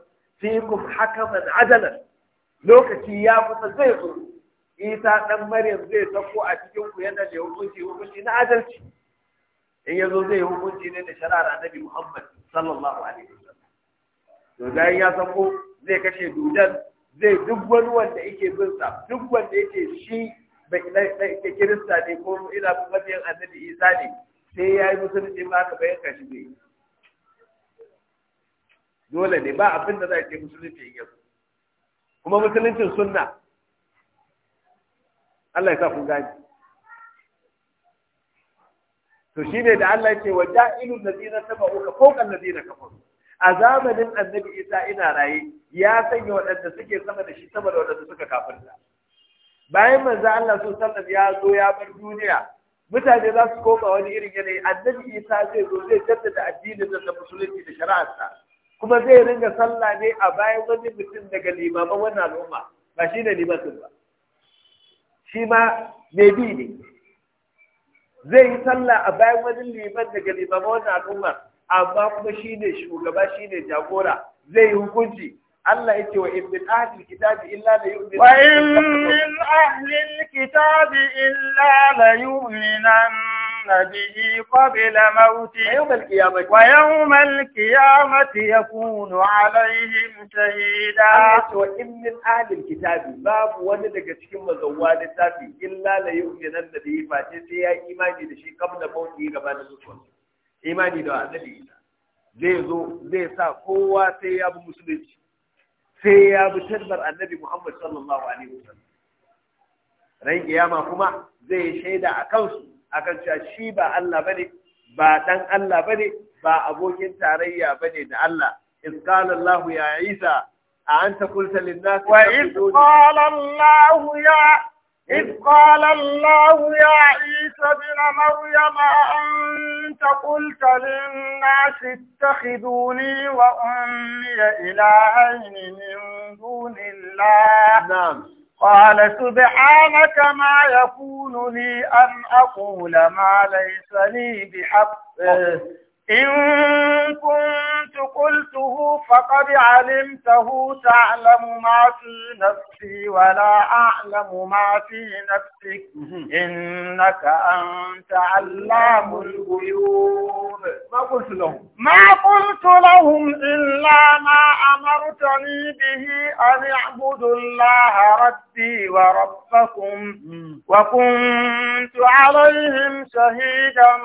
[SPEAKER 1] fikum hakaman adala lokaci ya kusa zai zo isa ɗan maryam zai sako a cikin ku yana da hukunci hukunci na adalci in yazo zai yi hukunci ne da sharar annabi muhammad sallallahu alaihi wasallam to bayan ya sako zai kashe dudan zai duk wani wanda yake bin sa duk wanda yake shi ke kirista ne ko ina mabiyan annabi isa ne sai ya yi musulunci ba ka bayan kashi zai dole ne ba abin da za ce musulunci in yazo kuma musuluncin sunna Allah ya sa ku gani to shi ne da Allah ya ce wa ja'ilul ladina tabauka fawqa alladina kafaru a zamanin annabi Isa ina raye ya sanya waɗanda suke sama da shi sama da waɗanda suka kafirta bayan manzo Allah su sallam ya zo ya bar duniya mutane za su koma wani irin yanayi annabi Isa zai zo zai jaddada addinin da musulunci da shari'arsa kuma zai ringa sallah ne a bayan wani mutum daga limaman wannan al'umma ba shi ne limatin ba shi ma mai bi ne zai yi sallah a bayan wani liman daga limaman wani al'umma amma kuma shi ne shugaba shi ne jagora
[SPEAKER 3] zai yi hukunci Allah yake wa in min kitabi illa la yu'minu wa in min ahlil kitabi illa la yu'minu به قبل موته ويوم القيامة ويوم القيامة يكون عليهم شهيدا وإن من أهل الكتاب باب ولدك
[SPEAKER 1] تشكم زوال التافي إلا ليؤمنن به فاتسيا إيماني دشي قبل موته قبل المسلم إيماني دعا نبي zai zo zai sa kowa sai ya bi musulunci sai ya bi tarbar annabi Muhammad sallallahu alaihi wasallam ran kiyama kuma zai shaida a kansu akan cewa shi ba Allah ne ba dan Allah ne ba abokin tarayya ne da Allah in qala Allah ya Isa a anta qulta wa in
[SPEAKER 3] qala Allah ya إذ قال الله يا عيسى ابن مريم أنت قلت للناس اتخذوني وأمي إلهين من دون الله نعم قال سبحانك ما يكون لي أن أقول ما ليس لي بحق إن كنت قلته فقد علمته تعلم ما في نفسي ولا أعلم ما في نفسك إنك أنت علام الغيوب ما قلت لهم ما قلت لهم إلا ما أمرتني به أن اعبدوا الله ربي وربي خلفكم وكنت عليهم شهيدا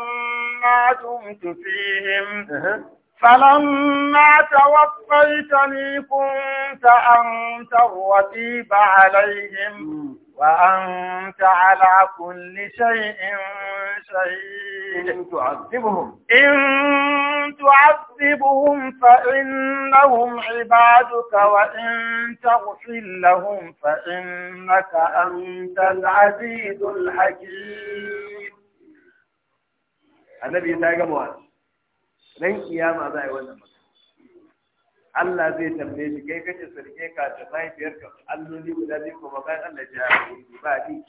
[SPEAKER 3] ما دمت فيهم فلما توفيتني كنت أنت الرتيب عليهم وأنت على كل شيء شهيد إن تعذبهم إن تعذبهم فإنهم عبادك وإن تغفر لهم فإنك أنت العزيز الحكيم
[SPEAKER 1] النبي يتاقى مواسي ran kiyama za a yi wannan magana Allah zai tambaye shi kai kace sarke ka da ka alloli guda biyu ko kai Allah ya ba ni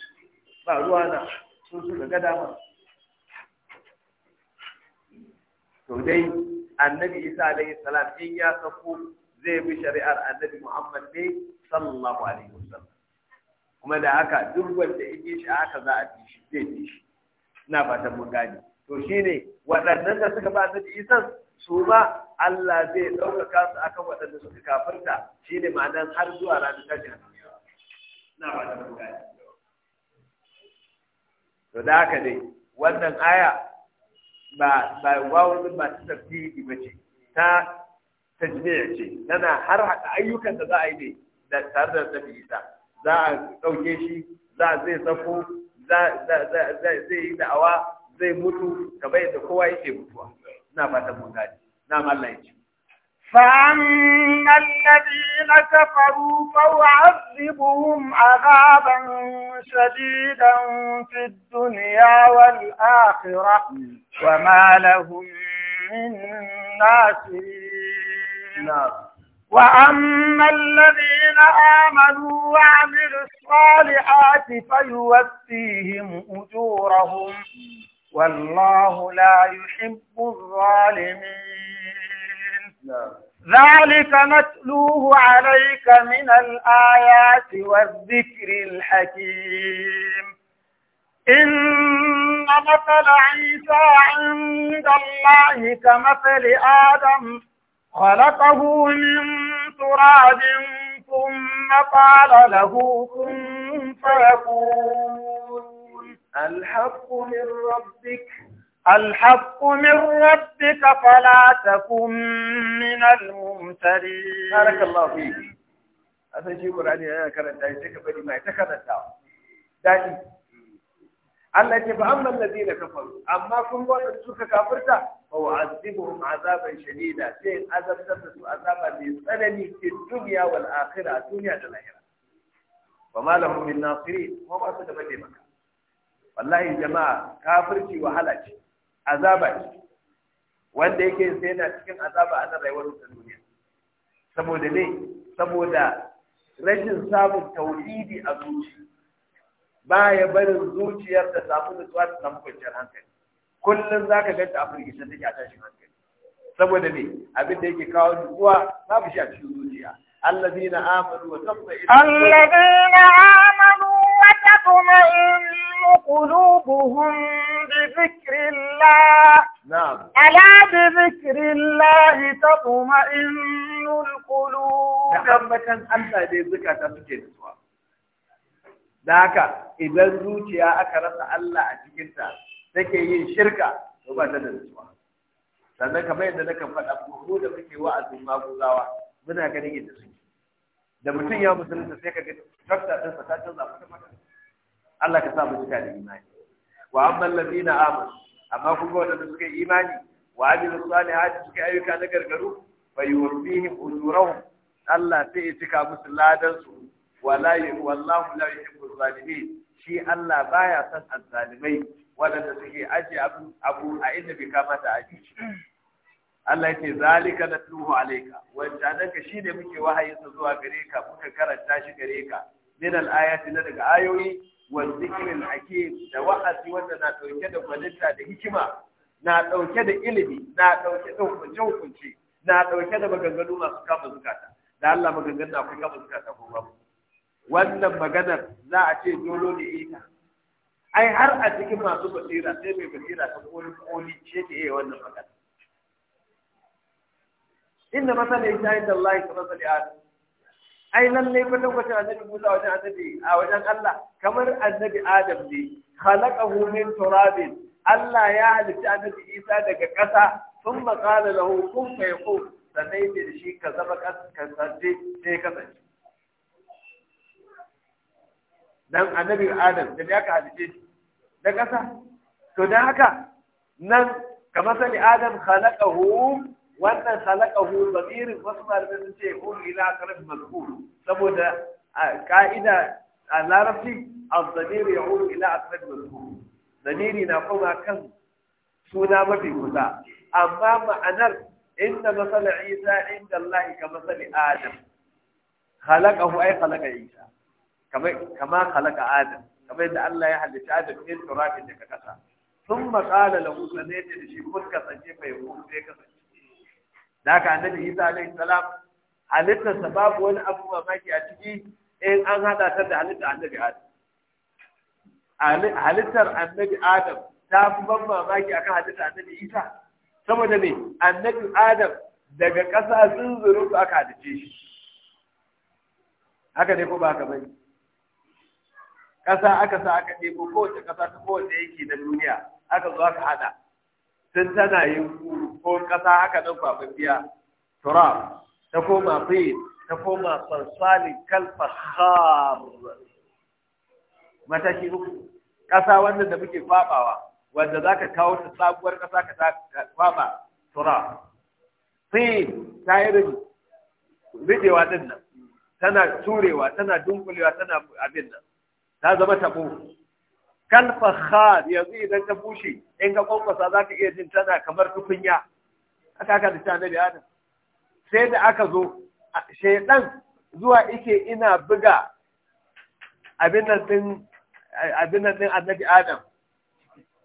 [SPEAKER 1] ba ruwa na sun su ga dama to dai annabi Isa alaihi salam in ya sako zai bi shari'ar annabi Muhammad ne sallallahu alaihi wasallam kuma da haka duk wanda yake shi haka za a bi shi zai bi shi ina fatan mun gane to shi ne waɗannan da suka ba annabi Isa su ma Allah zai ɗaukaka su akan waɗanda suka kafirta ne ma'anar har zuwa ranar tashin na ba da bukata to da haka dai wannan aya ba ba wawon ba ta tafsiri ba ce ta tajmiya ce tana har haɗa ayyukan da za a yi ne da tare da Nabi Isa za a ɗauke shi za zai sako za zai yi da'awa zai mutu kamar yadda kowa yake mutuwa ina fatan mun gani na Allah ya
[SPEAKER 3] فأما الذين كفروا فأعذبهم عذابا شديدا في الدنيا والآخرة وما لهم من ناصرين وأما الذين آمنوا وعملوا الصالحات فيوفيهم أجورهم والله لا يحب الظالمين نعم. ذلك نتلوه عليك من الآيات والذكر الحكيم إن مثل عيسى عند الله كمثل آدم خلقه من تراب ثم قال له كن فيكون الحق من ربك الحق من ربك فلا تكن من الممترين بارك الله فيك أسان شيء يقول عني أنا كرة داي تكبر ما يتكبر الدعوة
[SPEAKER 1] داي الله يتبع أما الذين كفروا أما كن قول أنسوك كافرتا هو عذبهم عذابا شديدا سين عذاب سبس عذابا لسألني في الدنيا والآخرة الدنيا والآخرة وما لهم من ناصرين وما سكبر مكان wallahi jama'a kafirci wahala ce azaba ce wanda yake sai yana cikin azaba a nan rayuwar ta duniya saboda ne saboda rashin samun tauhidi a zuci baya barin zuciyar da samu nutsuwa ta samu kwanciyar hankali kullum zaka ganta a firgice take a tashin hankali saboda ne abin da yake kawo nutsuwa babu shi a cikin zuciya allazina amanu wa tatma'innu allazina
[SPEAKER 3] amanu تطمئن قلوبهم بذكر الله نعم ألا بذكر الله تطمئن القلوب
[SPEAKER 1] نعمة أنت بذكر تفكير da haka idan zuciya aka rasa Allah a cikinta take yin shirka to ba ta da sannan kamar yadda na kan faɗa mu da muke wa'azin buzawa muna gani yadda suke da mutum ya musulunta sai ka ga tsafta sa ta canza mata mata Allah ka sa mu cika da imani wa amman ladina amanu amma kun ga suka yi imani wa amilu salihati suka ayyuka na gargaru fa yuwaffihim ujurahum Allah sai ya cika musu ladan su wala wallahu la yuhibbu zalimin shi Allah baya son azzalimai wadanda suke aje abu abu a inda bai kamata a ji Allah yake zalika natluhu alayka wancananka ne muke wahayin zuwa gare ka muka karanta shi gare ka min al-ayati na daga ayoyi wanzikirin ake da wa'azi wanda na ɗauke da gwaninta da hikima na ɗauke da ilimi na ɗauke da hukunce hukunce na ɗauke da maganganu masu kama zukata da Allah maganganu akwai kama zukata ko babu wannan maganar za a ce dolo ne ita ai har a cikin masu basira sai mai basira ta koli koli ce ke yi wannan magana inda masala ya shahi da Allah ya masala ai nan ne lallai lokacin annabi Musa wajen annabi a wajen Allah kamar annabi Adam ne khalaqahu min turabin Allah ya halitta annabi Isa daga ƙasa sun maƙala lahu kun fayakun sannan yake da shi ka zama kasance sai ka kasance dan annabi Adam da ya ka halitta shi da ƙasa
[SPEAKER 3] to dan haka nan
[SPEAKER 1] kamar sani Adam khalaqahu wannan khalaqahu zamirin wasu malamai sun ce hu ila qarab mazkur saboda ka'ida a larabci az-zamir yahu ila aqrab mazkur zamiri na kuma kan suna mafi kusa amma ma'anar inna masala isa inda Allah ka masali adam khalaqahu ay khalaqa isa kama kama khalaqa adam kama yadda Allah ya halitta adam ne turafin ka kasa ثم قال له سنيت da shi kun kasance fa yakun da haka annabi isa alaihi salam halittarsa babu wani abu mamaki a ciki in an hada ta da halitta annabi adam halittar annabi adam ta fi ban mamaki akan halittar annabi isa saboda ne annabi adam daga ƙasa zunzurin su aka halice shi haka ne ko ba haka bane ƙasa aka sa aka ɗebo kowace ƙasa ta kowace yake na duniya aka zo aka hada tun tana yin kuru ko ƙasa haka nan kwafafiya tura ta koma tsaye ta koma kalfa kalfahar mataki uku kasa wannan da muke kwabawa wanda za ka kawo ta sabuwar ƙasa ka ta kwaba tura
[SPEAKER 3] tsaye ta yi
[SPEAKER 1] rijewa din nan tana turewa tana dunkulewa tana abin nan ta zama tabo kalfa khad yanzu idan ta bushe in ka kwankwasa za ka iya jin tana kamar tukunya aka aka da tana da adam sai da aka zo shaidan zuwa ike ina buga abin nan din abin annabi adam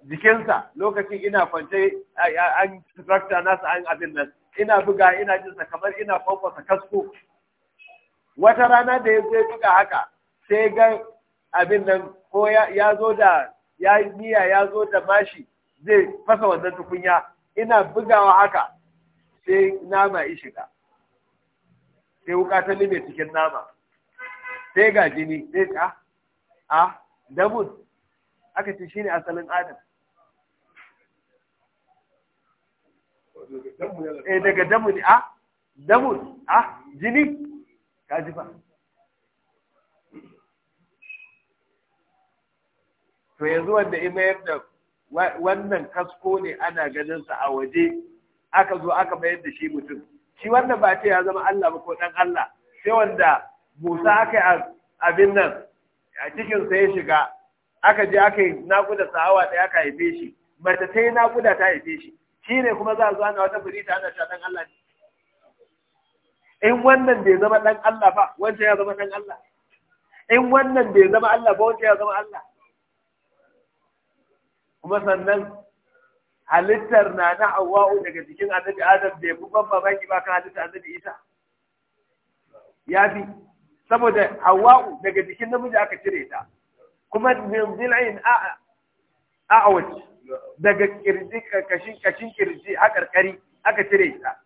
[SPEAKER 1] jikinsa lokacin ina kwance an structure nasa an abin nan ina buga ina jinsa kamar ina kwankwasa kasko wata rana da ya zai buga haka sai ga abin nan ko ya zo da ya niya ya zo da mashi zai fasa wannan tukunya ina bugawa haka sai nama ya shiga sai wuka ta lime cikin nama sai ga jini sai ta a damun aka ce shi ne asalin adam eh daga damun a damun a jini ka ji to yanzu wanda ya mayar da wannan kasko ne ana ganin sa a waje aka zo aka mayar da shi mutum shi wannan ba ce ya zama Allah ba ko dan Allah sai wanda Musa aka yi abin nan a cikin sa ya shiga aka je aka yi nakuda hawa ɗaya aka haife shi mace ta yi nakuda ta haife shi shi ne kuma za a zo ana wata firita ana sha dan Allah ne in wannan bai zama ɗan Allah ba wancan ya zama ɗan Allah in wannan bai zama Allah ba wancan ya zama Allah kuma sannan halittar na na hawa'u daga jikin annabi adam bai fi ban baki, ba kan halittar annabi isa ya fi saboda hawa'u daga jikin namiji aka cire ta kuma min bil'in a'awaj daga kirji kashin kashin kirji a karkari aka cire ta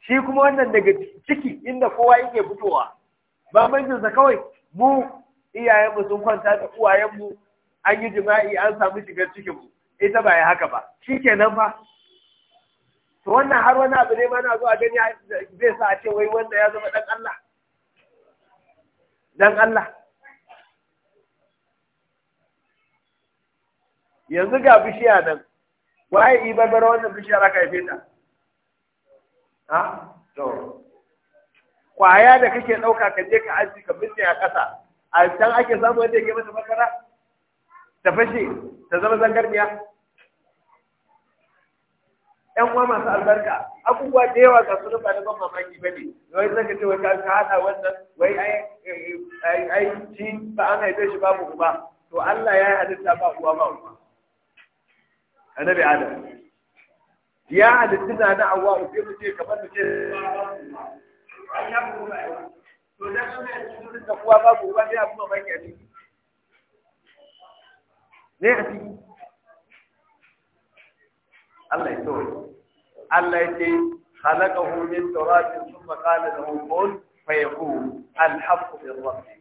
[SPEAKER 1] shi kuma wannan daga ciki inda kowa yake fitowa ba manjinsa kawai mu iyayenmu sun kwanta da uwayenmu an yi jima'i an samu shigar cikin ita ba ya haka ba shi kenan fa to wannan har wani abu ne ma na zuwa gani zai sa a
[SPEAKER 3] ce wai wanda ya zama dan Allah
[SPEAKER 1] dan Allah yanzu ga bishiya nan waye babbar wannan bishiyar aka haife ta ha to kwaya da kake ɗauka ka je ka aji ka binne a ƙasa a can ake samu wanda yake mata makara ta fashe ta zama zangarniya yan uwa masu albarka abubuwa da yawa ga su ba da ban mamaki ba bane wai zaka ce wai ka hada wannan wai ai ai shi ba an haife shi babu uba to Allah ya halitta ba uwa ba uba annabi adam ya halitta da na awwa uke mu ce ba. mu ce to da kuma da uwa babu uba sai abu mamaki a ciki ne a ciki Allah ya tsoro Allah ya ce khalaqahu min turabin thumma qala lahu kun fayakun al da min wanda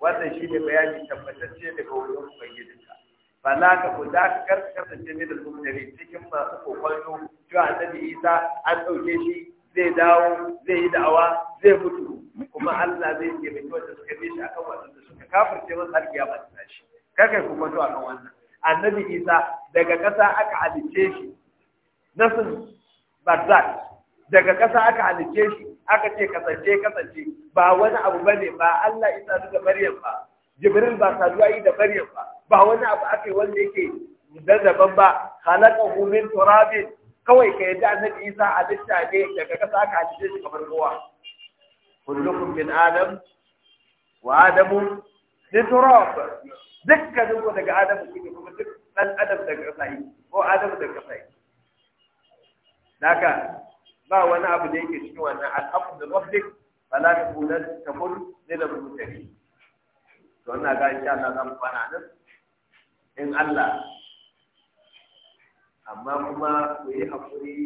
[SPEAKER 1] wannan ne bayani tabbatacce daga wurin ba fala ka ku da ka ce ne da mummuni cikin masu kokwanto cewa zabi Isa an dauke shi zai dawo zai yi da'awa zai mutu kuma Allah zai taimaki wanda suka bi shi akan wanda suka kafirce masa har kiyama ta tashi kakai kuma zuwa akan wannan annabi isa daga ƙasa aka halicce shi nasin barzak daga ƙasa aka halicce shi aka ce kasance kasance ba wani abu bane ba Allah isa da maryam ba jibril ba saduwa yi da maryam ba ba wani abu aka yi wanda yake daban ba khalaqahu min turabin kawai ka yadda annabi isa halitta ne daga ƙasa aka halicce shi kamar ruwa. kullukum min adam wa adamu min turab dukkanin ku daga adam ne kuma duk dan adam daga ƙasa yi ko adam daga ƙasa yi haka ba wani abu da yake cikin wannan alhamdu rabbik fala takunan takun lil mutaqin to ina ga insha Allah zan fara nan in Allah amma kuma ku yi hakuri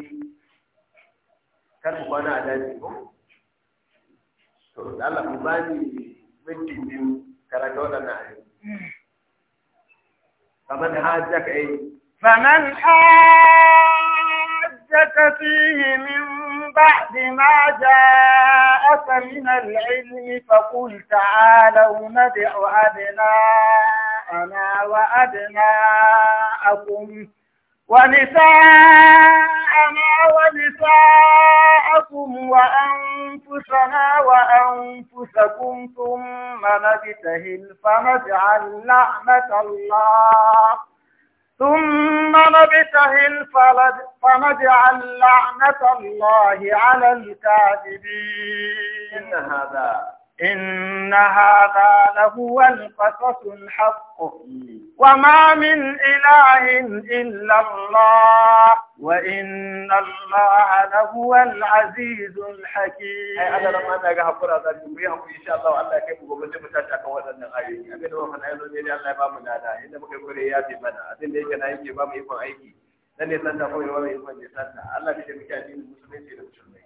[SPEAKER 1] kar ku kwana a daji ko to Allah ku bani minti biyu karanta waɗannan
[SPEAKER 3] ayoyi
[SPEAKER 1] فمن حاجك
[SPEAKER 3] أي فمن حاجك فيه من بعد ما جاءك من العلم فقل تعالوا ندع أبناءنا وأبناءكم ونساءنا ونساءكم وأنفسنا وأنفسكم ثم نبتهل فنجعل لعنة الله ثم نبتهل فنجعل لعنة الله على الكاذبين إن هذا إن هذا لهو القصص الحق وما من إله إلا الله وإن الله لهو العزيز الحكيم أي هذا لما أنا أقول أقول هذا يوم إن شاء الله الله كيف يقول لك متى تكون أن غيري أبين هو من
[SPEAKER 1] أيضا يلي الله ما من هذا إنه ممكن يقول يا تبنا أبين ليك أنا يجي ما يفهم أيكي لن يتنى فوي ولا يفهم يتنى الله بيجي مكانين المسلمين في المسلمين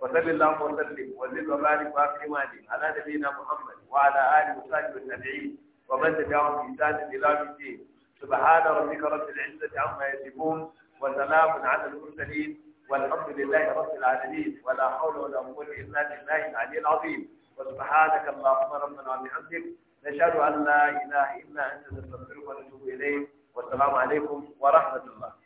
[SPEAKER 1] وصلي اللهم وسلم وزد وبارك واكرم على نبينا محمد وعلى اله وصحبه التابعين ومن تبعهم بإحسان الى يوم الدين سبحان ربك رب العزه عما يصفون وسلام على المرسلين والحمد لله رب العالمين ولا حول ولا قوه الا بالله العلي العظيم وسبحانك اللهم ربنا وبحمدك نشهد ان لا اله الا انت نستغفرك ونتوب اليك والسلام عليكم ورحمه الله